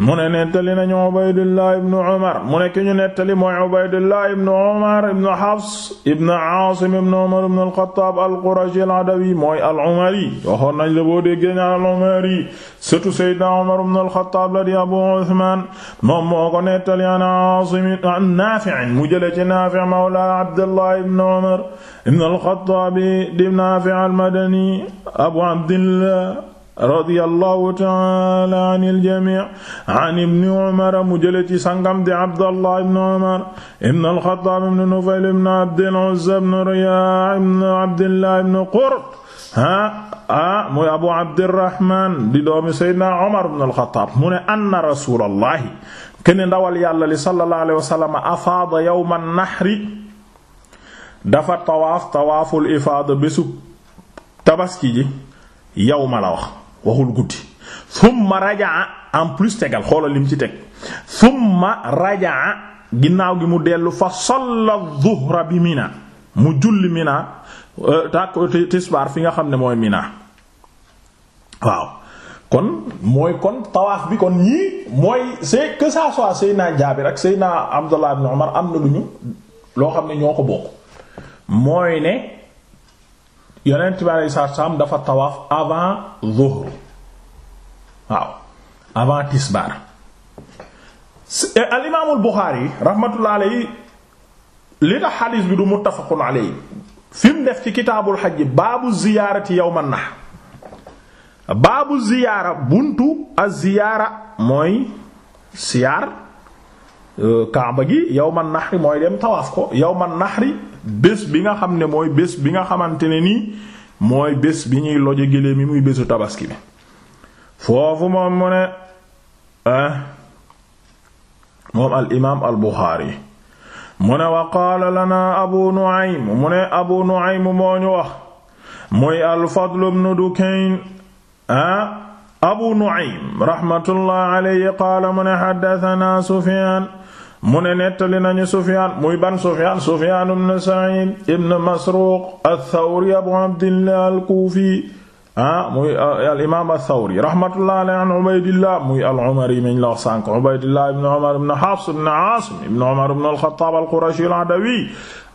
mu ne nettali nañu Ubaydullah ibnu Umar mu ne ki ñu nettali mooy Ubaydullah ibnu Umar ibnu Hafs ibnu Aasim ibnu Umar ibnu al-Xattaab Wahab al-Qurashi al-Adawi mooy al-Umari waxoon nañ la boo déggee ñaan al-Umari surtout Seydina Umar ibn al-Khattab la di Abu Uthman moom moo ko nettali an Aasim an Naafi' mu jële ci Naafi' mawla Abdullah ibn Umar ibn al-Khattab di Naafi' al-Madani Abu Abdillah radiyallahu ta'ala anil jamii an ibni umar mu jële ci sangam di abdallah ibn umar ibn al-khattab ibn nufayl ibn abdil uzza ibn riyaa ibn abdillah ibn qurt ah ah muy abu abdirrahman di doomi sayyidina umar ibn al-khattab mu ne anna rasulallahi kenn ndawal yàlla li sallallahu alayhi wa sallam afaada yawma nahri dafa tawaaf tawaaful ifaada bésu tabaski ji yow ma la wax waxul guddi summa rajaa en plus tegal xoolal lim ci teg summa rajaa ginnaaw gi mu dellu fa salla zuhra bi mina mu julli mina euh, tàkk tisbaar fi nga xam ne mooy mina waaw kon mooy kon tawaaf bi kon ñii mooy c'est que ça soit Seydina Jaabir ak Seydina Abdullah ibn Umar am na lu ñu loo xam ne ñoo ko bokk mooy ne yonent bi aleyhi salaam dafa tawaaf avant zuhr waaw avant tisbaar eh, al imaamul Buxaari rahmatullah aleyhi bi du muttafaqun aleyhi fi mu def ci kitaabul xaj baabu ziyaarati yawman nahr baabu ziyaara buntu az ziyaara mooy siyaar Euh, kaaba gi yow man naxri mooy dem tawaaf ko yow man naxri bés bi nga xam ne mooy bés bi nga xamante ne nii mooy bés bi ñuy loje géléem yi muy bésu tabaski bi foofu moom mu ne ah, moom al al buxaari mu ne wa qaala lana abu nu'aym mu ne abu nu'aym moo ñu wax muy al fadl ibn dukayn ah, abu nu'aym raxmatullah alayhi qaala mu ne xaddatana sufyaan mu ne nettali nañu Sufyaan muy ban Sufyaan Sufyaan ibn Sa'iid ibn Masruuq ath-Thawri Abu Abdillah al-Kuufi ah muy ah, al imaam ath-Thawri rahmatullahi alayhi an Ubaydillah muy al-Umari min la sànk Ubaydillah ibn Umar ibn Hafs ibn Aasim ibn Umar ibn al-Khattab al-Qurashi al-Adawi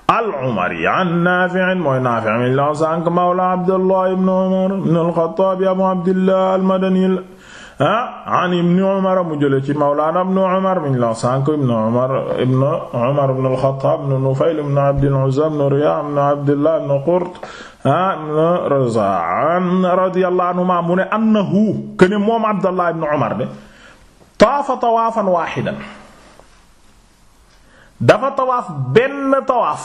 al-Umari an Naafi' mooy Naafi' min la sànk mawla Abdullah ibn Umar ibn al-Khattab Abu Abdillah al-Madani ah an ibni umar mu jële ci mawlaana ibnu umar miñ la sànk ibnu umar ibnu umar ibnu alxataab ibnu nufayl ibnu abdil uzza ibnu riyaa ibnu abdillah ibnu qurt ah, ibnu razaa radiyallahu anhuma mu ne annahu kaana moom abdallah ibnu umar de taafa tawaafan waaxidan dafa tawaaf benn tawaaf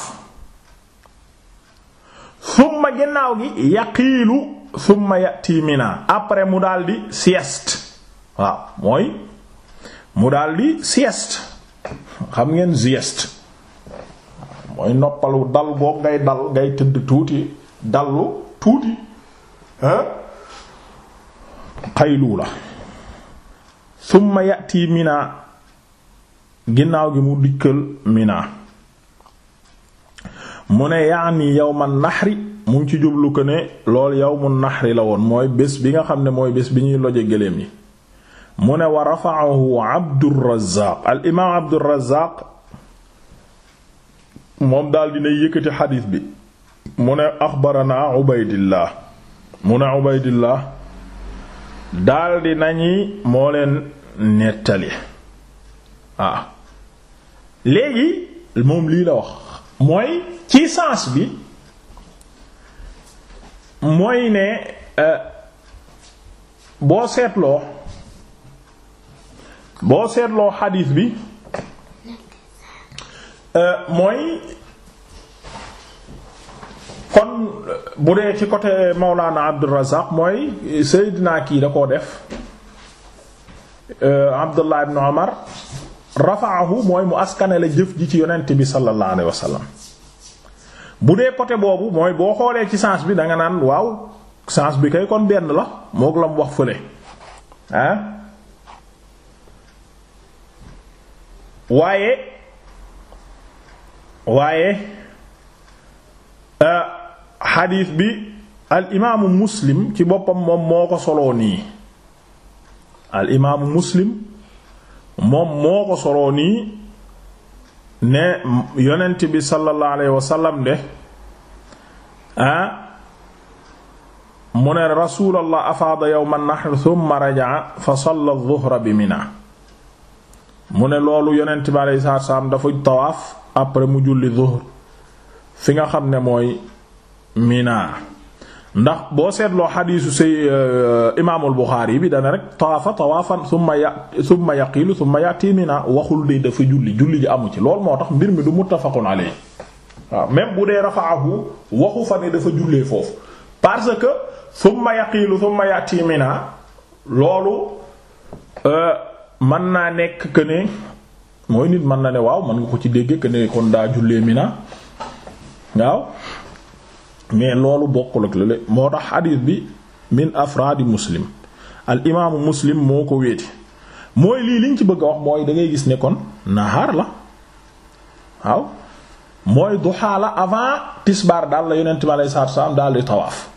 summa ginnaaw gi yaqiilu summa yati mina après mu daldi sieste waaw mooy mu daldi sieste xam ngeen sieste mooy noppalu dal boo ngay dal ngay tëdd tuuti dallu tuuti hein xaylu la summa yati mina ginnaaw gi mu dikkal mina mu ne yaani yawman nahri mu ngi ci jublu ko ne lool yawmun nahri la woon mooy bés bi nga xam ne mooy bés bi ñuy loje gëléem yi mu ne wa rafa'ahu Abdurrazaaq al imaam Abdurrazaaq moom daal dina yëkkati xadiis bi mu ne axbaranaa Ubaydillah mu ne Ubaydillah daal di nañi moo leen nettali ah léegi moom lii la wax mooy ci sens bi mooy ne euh, boo seetloo boo seetloo xadiis bi euh, mooy kon bu dee ci côté Maulana Abdourazaq mooy Seydina kii da koo def euh, Abdullah ibn Umar rafaahu mooy mu askane la jëf ji ci yonent bi sallallahu alayhi wa sallam bu dee côté boobu mooy boo xoolee ci sens bi da nga naan waaw sens bi kay kon benn la moog la mu wax fële waaye waaye euh, xadiis bi al imaamu muslim ci boppam moom moo ko soloo nii moom moo ko soloo ne yonent bi sallallahu alayhi wa de ah, mu ne rasulallah afaada yawma nahr thumma rajaa fa salla dhuhra bi mina mu ne loolu yonent bi aleyhi salaatu dafa tawaaf après mu julli zuhr fi nga xam ne mooy Mina ndax boo seetloo xadiisu say euh, imaamul yi bi dana rek tawaafa tawaafan summa ya summa yaqiilu summa yati Mina waxul de dafa julli julli ji amu ci loolu moo tax mbir mi du muttafaqun alayhi waaw même bu dee rafaahu waxu fa ne dafa jullee foofu parce que summa yaqiilu summa yati loolu. Euh, mën naa nekk que ne mooy nit mën na ne waaw mën nga ko ci dégg que ne kon daa jullee Mina waaw mais loolu bokkul ak lale moo tax xadiis bi min afraadi muslim al imaamu muslim moo ko wéeti mooy lii liñ ci bëgg a wax mooy dangay gis ne kon nahaar la waaw mooy duhaa la avant tisbaar daal la yonent mi alayhi salaatu wa daal di tawaaf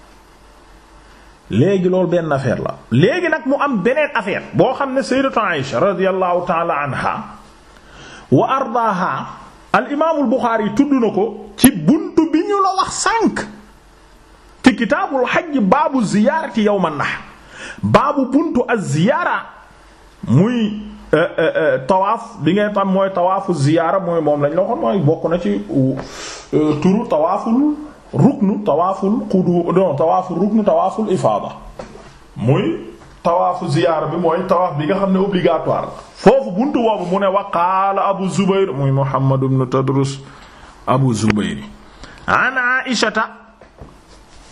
léegi loolu benn affaire la léegi nag mu am beneen affaire boo xam ne sayyidatu Aïsha radiyallahu ta'ala anha wa ardaaha al imaamul Buxaari tudd na ko ci buntu bi ñu la wax sànq ci kitaabul xaj baabu ziyaarati yawman nahr baabu buntu az-ziyaara muy euh, euh, euh, tawaaf bi ngay mooy tawaafu ziyaara mooy moom lañ la bokk na ci turu tawaaful ruknu tawaaful qudu ruknu tawaaful ifaada muy tawaafu ziyaara bi mooy tawaaf bi nga xam ne obligatoire foofu buntu boobu mu ne waqaala abu zubayr muy muhammad ibn tadrus abu zubayr an aishata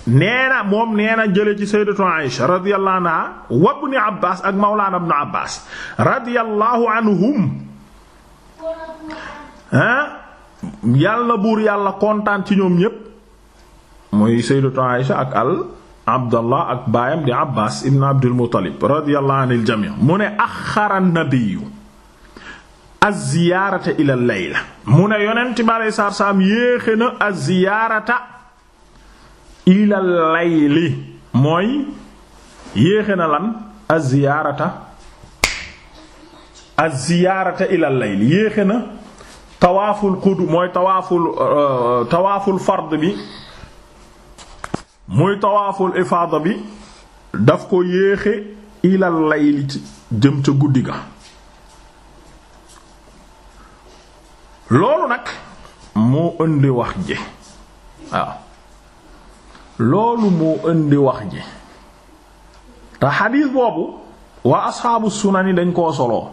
nee na moom nee na jële ci sayyidatu ak mawlana ibn abbas radiyallahu anhum yàlla buur yàlla kontaan ci ñoom ñépp muy sayyidatu Aïsha ak al Abdallah ak baayam di Abbas ibn Abdul Muttalib radiyallahu anil jami' mu ne axara nabiyyu az al-layla mu ne yonent bi alayhi salaatu salaam yéexe na az-ziyaarata al-layli mooy yéexe na lan az-ziyaarata az-ziyaarata al na euh, tawaaful fard bi muy tawaaful ifaada bi daf ko yéexe ilal lay ci jëm ca guddi ga loolu nag mu indi wax ji waaw loolu moo indi wax ji te xadiis boobu waa asxaabu sunani dañ koo solo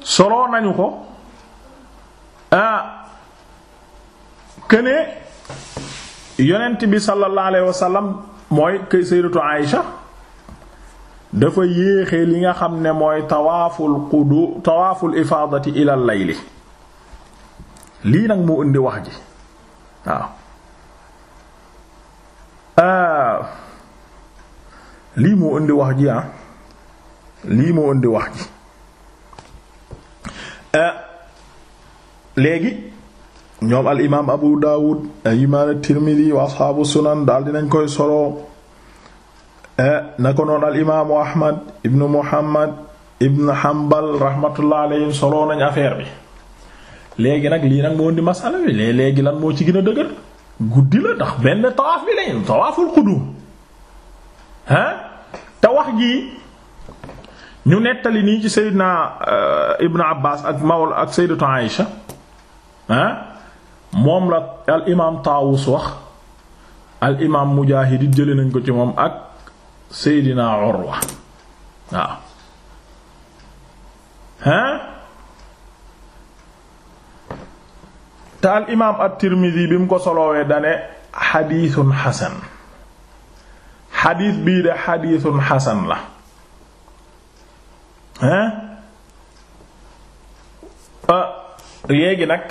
soloo nañu ko ah këne yonent bi sallallahu alayhi wa mooy kay sayyidatu Aïsha dafa yéexee li nga xam ne mooy tawaaful qudu tawaaful ifaadati ilal layli lii nag moo indi wax ji waaw lii moo indi ji ah lii moo indi wax ji léegi ñoom al imaam abu daawud ay imaam at-tirmidhi wa ashaabu sunan daal dinañ koy solo eh, na ko noon al imaamu ahmad ibnu muhammad ibnu hanbal rahmatullah alayhim solo nañ affaire bi léegi nag lii nag moo di masala bi léegi lan moo ci gën a dëgër guddi la ndax benn tawaaf bi lañ tawaaful qudum ah te wax jii ñu nettali nii ci Seydina eh, Ibn Abbas ak Mawl ak Sayyidatu Aïsha ah moom la al imaam Taawus wax al imaam Mujaahid it nañ ko ci moom ak Seydina Urwa waaw hein te al imaam at-Tirmidhi bi mu ko solowee dane xadiisun xasan xadiis bii de xadiisun xasan la hein euh, léegi nag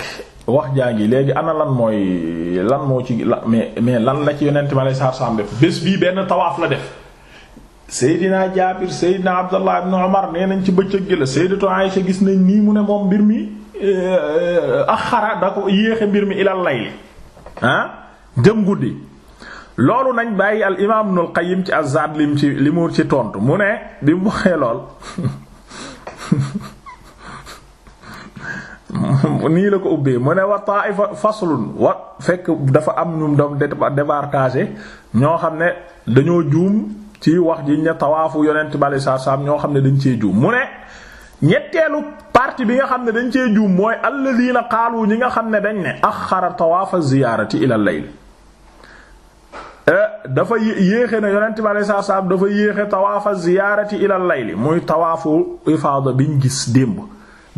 wax jaa ngi léegi ana lan mooy lan moo ci la mais mais lan la ci yonent ma lay saar saam bés bii benn tawaaf la def Seydina Jaabir Seydina Abdallah ibn Umar nee nañ ci bëccëg gi la Sayyidatu Aïsha gis nañ nii mu ne moom mbir mi euh, ak xara da ko yéexe mbir mi ilal layli ah jëm guddi loolu nañ bàyyi al imaam Ibnul Qayyim ci Az-Zaad lim ci li mu ci tontu mu ne bi mu waxee lool [laughs] [laughs] nii la ko ubbee mu ne wa taaifa faslun wa fekk dafa am ñum dam départagé ñoo xam ne dañoo juum ci wax ji ña tawaafu yonent bale saa ñoo xam ne dañ cee juum mu ne ñetteelu partie bi nga xam ne dañ cee juum mooy alladina xaalu ñi nga xam ne dañ ne axara tawaafa ziyaarati ila layl eh, dafa yéexe ne yonent bale saa dafa yéexe tawaafa ziyaarati ila layli muy tawaafu ifaada biñ gis démb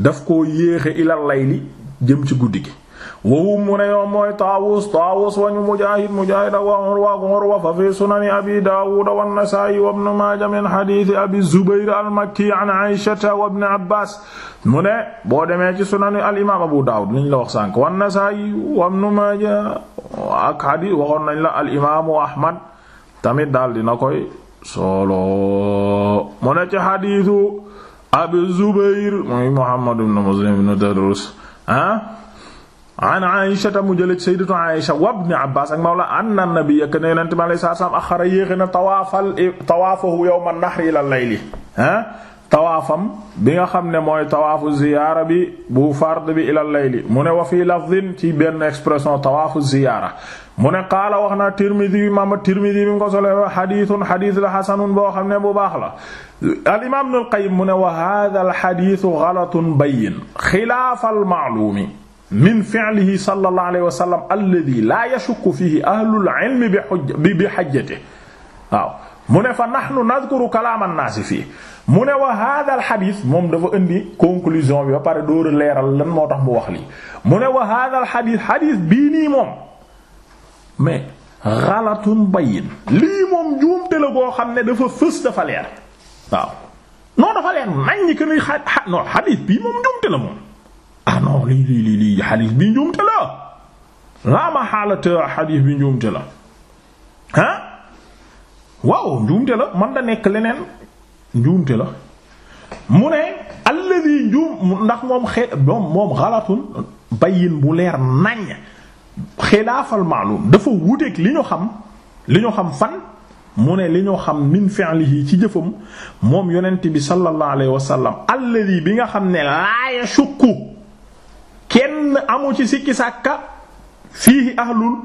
daf koo yéexe ilal layli jëm ci guddi gi wawu mu ne ñoom mooy taawus taawus wañu mujaahid mujaahid wa urwa urwa fa fi sunani abi daawud wa nasaa'i wa ibn maaja min hadiisi abi zubayr al-makki an aysata wa ibn abbaas mu ne boo demee ci sunani al imaam abu daawud liñ la wax sànk wa nasaa'i wa ibn maaja ak hadiis waxoon nañ la al imaamu ahmad tamit daal dina koy solo mu ne ci hadiisu abu zubayr mooy muhammad ibn tadrus ah an aïshata mu jële sayyidatu aïsha wa ibn abbas ak mawla anna nabiyya kana yonente bi alayhi salaam axara yéexe na tawaafal tawaafahu yawma ila layli ah tawaafam bi nga xam ne mooy tawaafu ziyaara bi bu fard bi ila layli mu ne wa fii lafdin ci benn expression tawaafu ziyaara mu ne qaala wax na Tirmidi imaam Tirmidi bi mu ko solo xadiisun xadiis la xasanun boo xam ne bu baax la al imaam Ibnul Qayyim mu ne wa haadha al xadiisu galatun bayyin xilaafa al ma'luumi min fi'lihi sallallahu alayhi wa sallam alladhi laa yashukku fiihi ahlul ilmi bi hajjatihi waaw mu ne fa nahnu nadhkuru kalaam an-naas fii mu ne wa haadha al xadiis moom dafa indi conclusion bi ba pare dóor leeral lan moo tax mu wax lii mu ne wa haadha al xadiis xadiis bii nii moom mais xalatun bayyin lii moom njuumte la boo xam ne dafa fës dafa leer waaw non dafa leer naññ que ni xa non xadis bii moom njuumte la moom ah non lii lii lii lii xadis bii njuumte la laa ma xaalata xadis bi njuumte la ah waaw njuumte la man da nekk leneen njuumte la mu ne alladi njuum ndax moom xeet moom moom xalatun bayyin bu leer naññ xilaafal maalum dafa wuteeg li ñu xam li ñu xam fan mu ne li ñu xam min fi'lihi ci jëfam moom yonent bi sallallahu alayhi wa sallam bi nga xam ne laa yashukku kenn amu ci sikki sàkka fii ahlul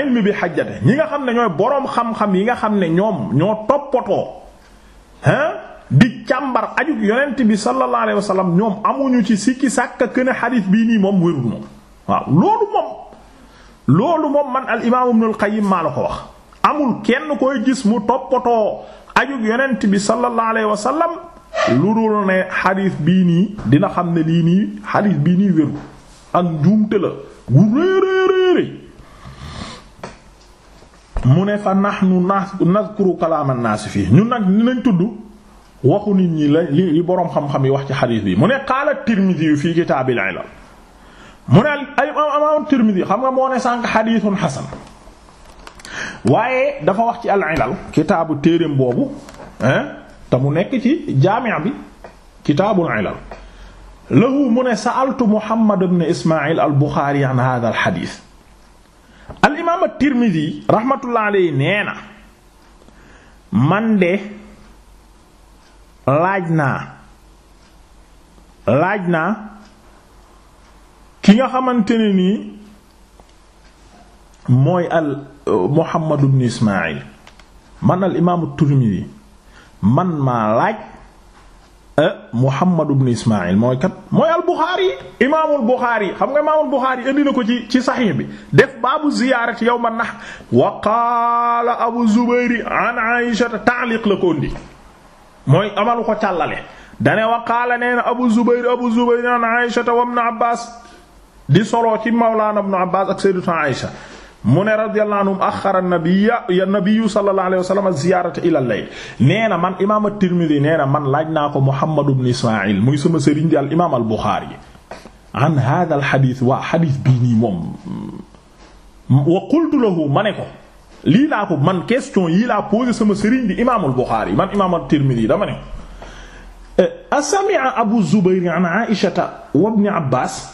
ilmi bi xajjate ñi nga xam ne ñooy boroom xam-xam yi nga xam ne ñoom ñoo toppatoo ah di càmbar aju yonent bi sallallahu alayhi wa sallam ñoom amuñu ci sikki sàkka kën a xadiis bii nii moom wérul moom waaw loolu moom loolu moom man al imaam ibnul qayyim maa la ko wax amul kenn koy gis mu toppatoo ajug yonent bi sallallahu alayhi wa sallam lu dul ne xadiis bii nii dina xam ne lii nii xadiis bii nii wéru ak njuumte la gu réeréeréeré mu ne fa nahnu nadhkuru kalaaman naas fii ñun nag dinañ tudd waxu nit ñi la li boroom xam-xam yi wax ci xadiis bi mu ne qaala Tirmidhi fii kitaabil ilal mu ne ay imaam Tirmidi xam nga moo ne sànq xadiisun xasan waaye dafa wax ci al-Ilal kitaabu téereem boobu te mu nekk ci jaami' bi kitaabul Ilal lahu mu ne sa'altu Muhammad ibn Ismaa'il al-Buxaari an haadha al-xadiis al-imaam at-Tirmidi rahmatullahi alayhi nee na man de laaj na laaj na ki nga xamante ne nii mooy al euh, Muhammad ibn Ismaïl man al imaamu Tirmidhi man maa laaj euh, Muhammad ibn Ismaïl mooy kat mooy al Bukhari imaamul Bukhari xam nga imaamul Bukhari indi ko ci ci saxiix bi def baabu yow yawma nahr wa qaala Abu Zubayr an Aisha ta'liq la ko indi mooy amalu ko càllale dane wa qaala nee Abu Zubayr Abu Zubayr an Aisha wa ibn Abbas di soloo ci mawlaana ibn Abbaas ak sayyidatuna Aysa mu ne radiyallahu anhum axara nabiyya ya nabiyyu sallallahu alayhi wa sallam ziyarata ila al-layl nee na man imaam at-Tirmidhi nee na man laaj naa ko Muhammad ibn Ismaa'il muy sama sëriñ di al imaam al-Buxaari an haadha al-hadiis waa hadiis bii nii moom wa qultu lahu ma ne ko lii laa ko man question yii laa posé sama sëriñ di imaam al-Buxaari man imaam at-Tirmidhi dama ne eh, asami'a Abu Zubayr an Aysata wa ibn Abbaas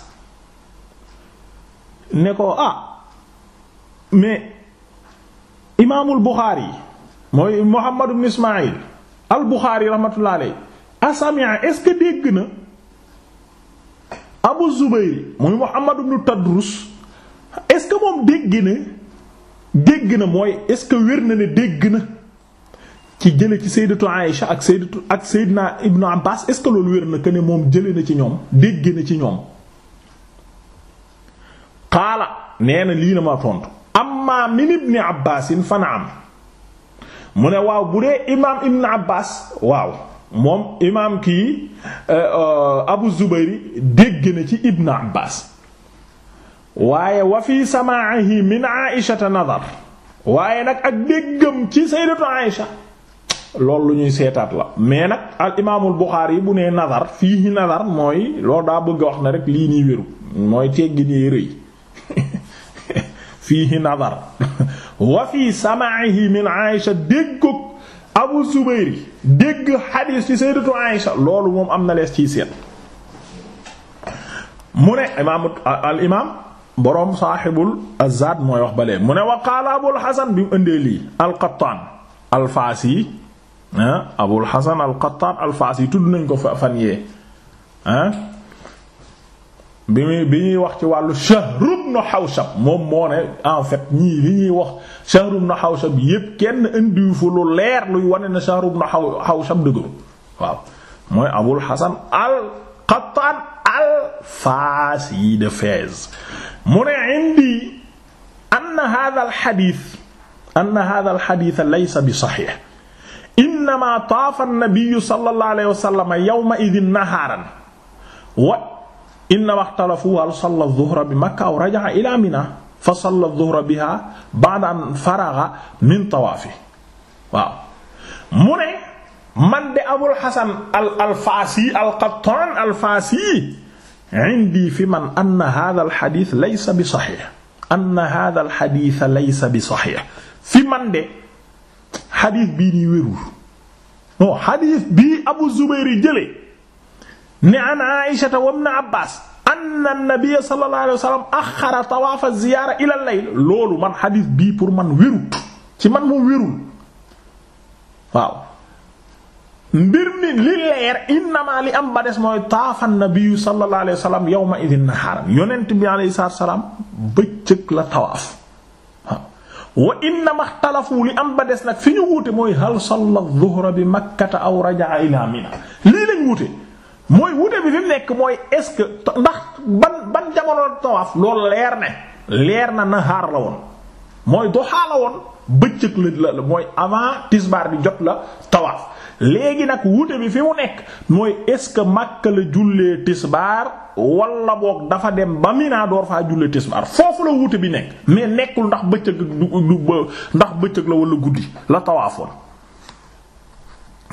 ne ko ah mais imaamul Buxaari mooy Muhammad ibn Ismaïl al Buxaari rahmatullah alayhi asami'a est-ce que dégg na Abu Zubayr muy Muhammad ibn Tadrus est-ce que moom dégg na dégg na mooy est-ce que wér na ne dégg na ci jële ci sayyidatu Aïsha ak sayyidatu ak sayyidina Ibn Abbas est-ce que loolu wér na que moom jële na ci ñoom dégg na ci ñoom qaala nee na lii na ma tontu amma min ibni abbasin fana am mu ne waaw bu dee imaam ibn abbas waaw moom imaam kii eh, eh, abu zubayri dégg na ci ibn abbas waaye wa fi samaahi min aishata nadar waaye nag ak déggam ci sayyidatu aisha loolu lu ñuy seetaat la mais nag al imaamul buxaari yi bu ne nadar fii nadar mooy loolu daa bëgg wax na rek lii nii wéru mooy teggi nii rëy fiihi nadar [laughs] wa fii sam'ihi min Aïsha déggug Abu Zubayri dégg xadiis ci sayyidatu Aïsha loolu moom am na lees ciy seet mu ne imaam al boroom saaxibul azad mooy wax balee mu ne wa qaala Abul Hasan bi mu ëndee lii al-Qattaan al-Faasi ah Abul tudd nañ ko fan yee ah. bi muy bi ñuy wax ci wàllu Shahr ibn Hawshab moom moo ne en fait ñii li ñuy wax Shahr ibn Hawshab yépp kenn indiwu fu lu leer luy wane ne Shahr ibn Hawshab dëgg waaw mooy Abul Hasan al-Qattan al-Fasi de Fès mu ne indi anna hadha al-hadith anna hadha al-hadith laysa bi sahih innama tafa an-nabiy sallallahu alayhi wa sallam yawma idhin naharan wa inna waxtalafu hal salla zuhra bi makka aw raja'a ila mina fa salla zuhra biha ba'da an faraga min tawaafi waaw mu ne man de abul hasan al alfaasi alqattaan alfaasi indi fi man anna hadha al hadith laysa bi sahih anna hadha al hadith laysa bi sahih fi man de hadith bii nii wérul non hadith bii abu zubayr jële ne an Aïshata wam na Abbas anna nabiyya sallallahu alayhi wa sallam ziyaara ila layl loolu man xadiis bii pour man wérut ci man moom wérul waaw mbir mi li leer innama li am ba des mooy taafa nabiyyu sallallahu yonent bi alayhi salaam bëccëg tawaaf wa innama ixtalafu li am bades des nag fi ñu wuute mooy hal salla zuhra bi makkata aw rajaa ila mina lii lañ wuute mooy wute bi fi mu nekk mooy est-ce que ndax ban ban jamono tawaaf loolu leer ne leer na nahaar la woon mooy doxaa la woon bëccëg la mooy avant tisbaar bi jot la tawaaf léegi nag wute bi fi mu nekk mooy est-ce que Makka la jullee tisbaar wala boog dafa dem ba Mina door faa jullee tisbaar foofu la wute bi nekk mais nekkul ndax bëccëg du ndax bëccëg la wala guddi la tawaafoon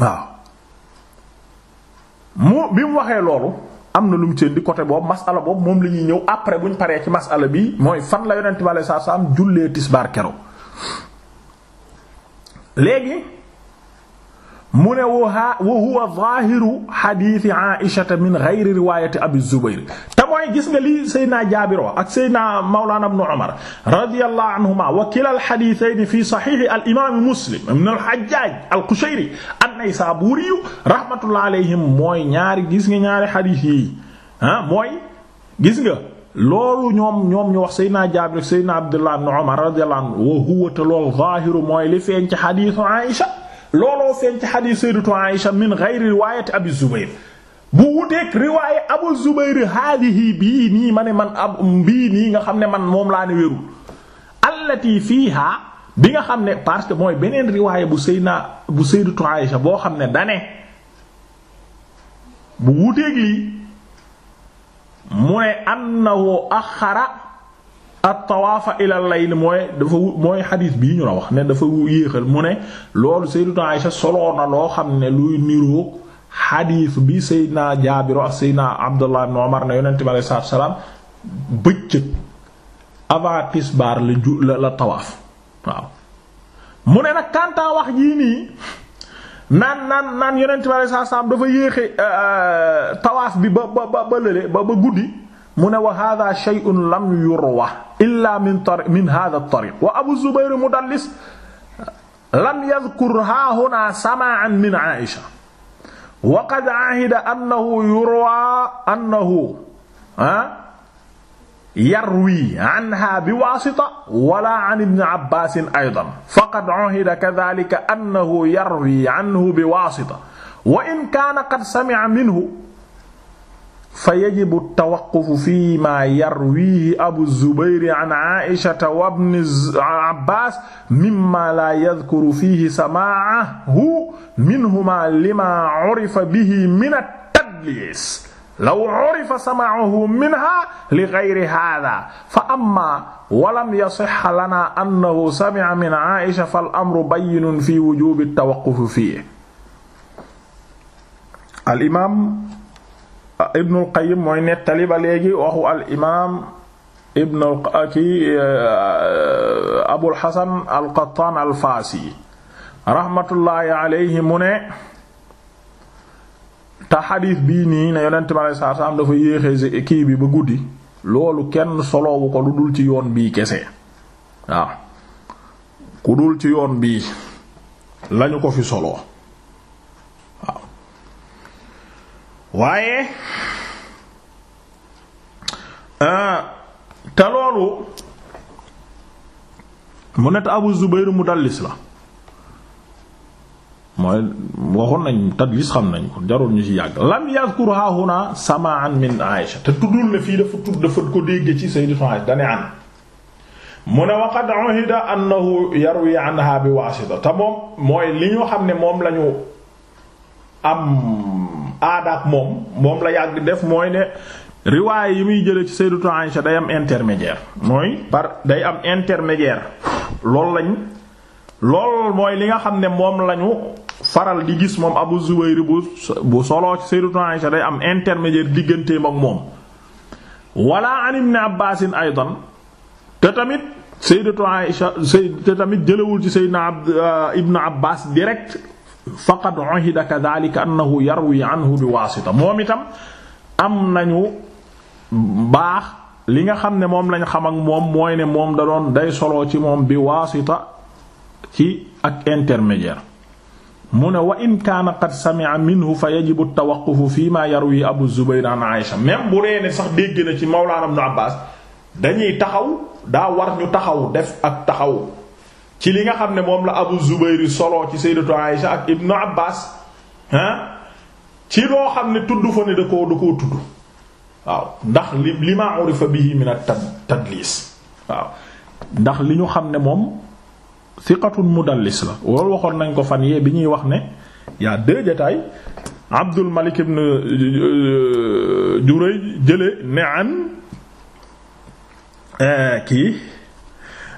waaw mu bi mu waxee loolu am na lu mu cën di côté boobu masala boobu moom la ñuy ñëw après buñ paree ci masala bi mooy fan la yonent bi sallallahu alayhi wasallam jullee tisbaar keroog léegi mu ne wa huwa zahiru hadithi aishata min ghayri riwayati abi zubair te mooy gis nga lii saydna jaabir wax ak saydna mawlana ibn umar radiyallahu anhuma wa kila al hadithayni fi sahih al imam muslim ibn al hajjaj al qushayri an naysaburi rahmatullah alayhim mooy ñaari gis nga ñaari hadith yi ah mooy gis nga loolu ñoom ñoom ñu wax saydna jaabir saydna abdullah ibn umar radiyallahu anhu wa huwa te lool zahiru mooy li feeñ ci hadithu aisha looloo feeñ ci xadiis sayyidatu Aïsha min ghayri riwaayati Abi Zubayr bu wuteeg riwaaye Abu Zubayr bii nii ma ne man ab bii nii nga xam ne man moom laa ne wérul allati fiiha bi nga xam ne parce que mooy beneen riwaaye bu Seyna bu sayyidatu Aïsha boo xam ne dane bu wuteeg lii mu ne annahu axara at-tawaafa ilal layl mooy dafa mooy xadiis bii ñu la wax ne dafa yéexal mu ne loolu sayyidatu Aysa soloo na loo xam ne luy niroo xadiis bi sayyidina Jaabir ak sayyidina Abdullah ibn Umar ne yonent bi alayhi tawaaf waaw mu ne nag kantaa wax jii nii naan naan naan yonent bi alayhi salaam dafa yéexe euh, tawaaf bi ba ba ba lële ba ba guddi mu ne wa hadha shay'un lam yurwa illa min tariq min hadha at-tariq wa abu zubayr mudallis lam yadhkur ha huna sama'an min aisha wa qad ahida annahu yurwa annahu ha yarwi anha biwasita wala an ibn abbas aydan faqad ahida kadhalika annahu yarwi anhu biwasita wa in kana qad sami'a minhu fa yajibu tawaqufu fi ma yarwihi abu zubayri an aishata wa ibn abbas mimma la yadhkuru fihi samaahu minhuma lima urifa bihi min at-tadlis law urifa samaahu minha li ghayri hadha fa amma walam yasihha lana annahu sami'a min aisha fal amru bayyinun fi wujubi at-tawaqquf fihi al imam Ibnul Qayyim mooy nettali ba léegi waxu al imaam Ibnul ah, ki eh, Abul Hasan al Qattaan al Faasi rahmatullahi mu ne te xadiis bii nii ne yonent bi alayhi salaatu salaam dafa yéexee kii bi ba guddi loolu kenn soloowu ko lu dul ci yoon bii kese waaw ku dul ci yoon bii lañu ko fi soloo waaye euh, te loolu mu net Abu Zubayr mudallis la mooy waxoon nañ tadlis xam nañ ko jarul ñu ci yàgg lam yazkur hahuna sama'an min Aïsha te tuddul na fii dafa tudd dafa ko dégg ci sayyidatu Aïsha dane an mu ne wa qad uhida annahu yarwi anha bi wasita te moom mooy li ñu xam ne moom lañu am aadaak moom moom la yàgg def mooy ne riwaaye yi muy jële ci sayyidatu Aïsha day am intermédiaire mooy par day am intermédiaire loolu lañ lool mooy li nga xam ne moom lañu faral di gis moom Abu Zubayr bu bu soloo ci sayyidatu Aïsha day am intermédiaire digganteem ak moom wala an ibn Abbas aydan te tamit sayyidatu Aïsha te tamit jëlewul ci sayyidina euh, Ibn Abbas direct faqad uhida kadhalika annahu yarwi anhu bi wasita moom itam am nañu baax li nga xam ne moom lañ xam moom mooy ne moom da doon day solo ci moom bi wasita ci ak intermédiaire mu ne wa in kaana qad sami'a minhu fa yajibu at-tawaqquf ma yarwi abu zubayr an aisha même bu ne sax dégg na ci mawlana ibn abbas dañuy taxaw daa war ñu taxawu def ak taxaw ci li nga xam ne moom la abu zubayri solo ci sayyidatu aisha ak ibnu abbas ci loo xam ne tudd fa ne da koo da koo tudd waaw ndax li li ma urifa bihi min at tadlis waaw ndax li ñu xam ne moom siqatun mudallis la loolu waxoon nañ ko fan yee bi ñuy wax ne yaa deux jataay abdul malik ibn euh, juray jële ne an euh, kii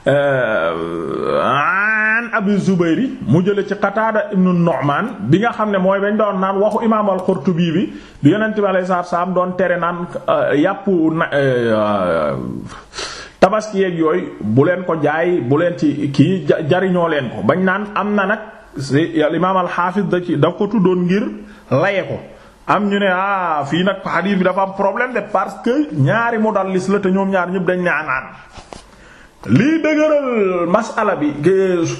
Euh, an abi zubayri mu jële ci qataada ibnu nu'man bi nga xam ne mooy bañ doon naan waxu imaam al-qurtubi bi bi yonent bi alayhi salaatu salaam doon tere naan euh, yàppu na euh, tabaski yeeg yooyu bu leen ko jaay bu leen ci kii ja jariñoo leen ko bañ naan am na nag si imaam al-hafiz da ci ko tuddoon ngir laye ko am ñu ne ah fii nag hadith bi dafa am problème de parce que ñaari mudallis la te ñoom ñaar ñëpp dañ ne anaan lii dëgëral masala bi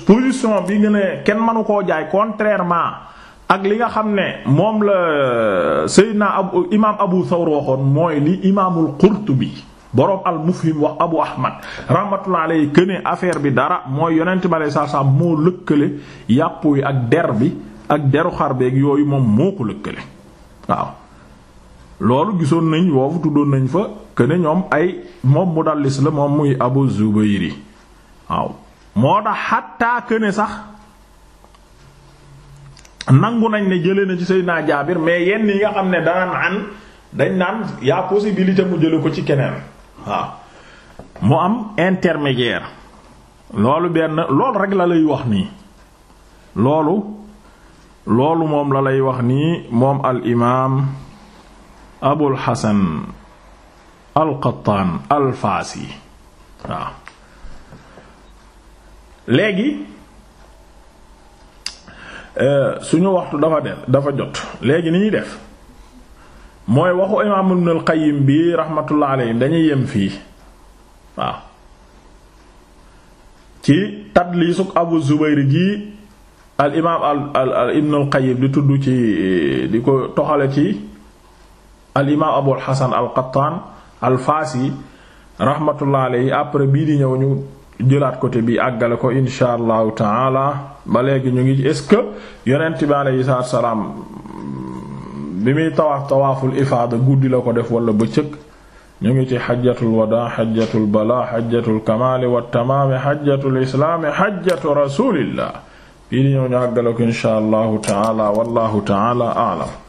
position bi nga ne kenn mënu koo jaay contrairement ak li nga xam ne moom la euh, Seydina abu imaam Abu Thawr waxoon mooy li imaamul Qurtubi boroom al mufhim wax Abu Ahmad rahmatullah këne affaire bi dara mooy yonent bi alayhi salaam moo lëkkale yàpp wi ak der bi ak deru xar beeg yooyu moom moo ko lëkkale waaw loolu gisoon nañ woofu tuddoon nañ fa que ñoom ay moom mudallis la moom muy Abu Zubayri waaw moo tax xattaa que sax nangu nañ ne jëlee na ci Seydina Jaabir mais yenn yi nga xam ne danaan an dañ naan yaa possibilité mu jële ko ci keneen waaw mu am intermédiaire loolu benn loolu rek la lay wax nii loolu loolu moom la lay wax nii moom al abul xasan alqattaan alfaas yi waaw léegi euh, suñu waxtu dafa de dafa jot léegi ni ñuy def mooy waxu imaam ibn al qayyim bi rahmatullah alayhi dañuy yem fii waaw ci tadliisuk abu zubayr gi al imaam al al ibn al qayyim di tudd ci di ko toxale ci al imaam abul hasan al qattaan al faasi rahmatullah alayhi après bii di ñëw ñu jëlaat côté bi àggale ko insha allahu taala ba léegi ñu ngi est-ce que yonent bi alayhi salaatu salaam bi muy tawaaf tawaaful ifaada guddi la ko def wala bëccëg ñu ngi ci xajjatul wadaa xajjatul balaa xajjatul kamaali wa tamaami xajjatul islaami xajjatu rasulillah bii di ñëw ñu àggale ko insha allahu taala wallahu taala a'lam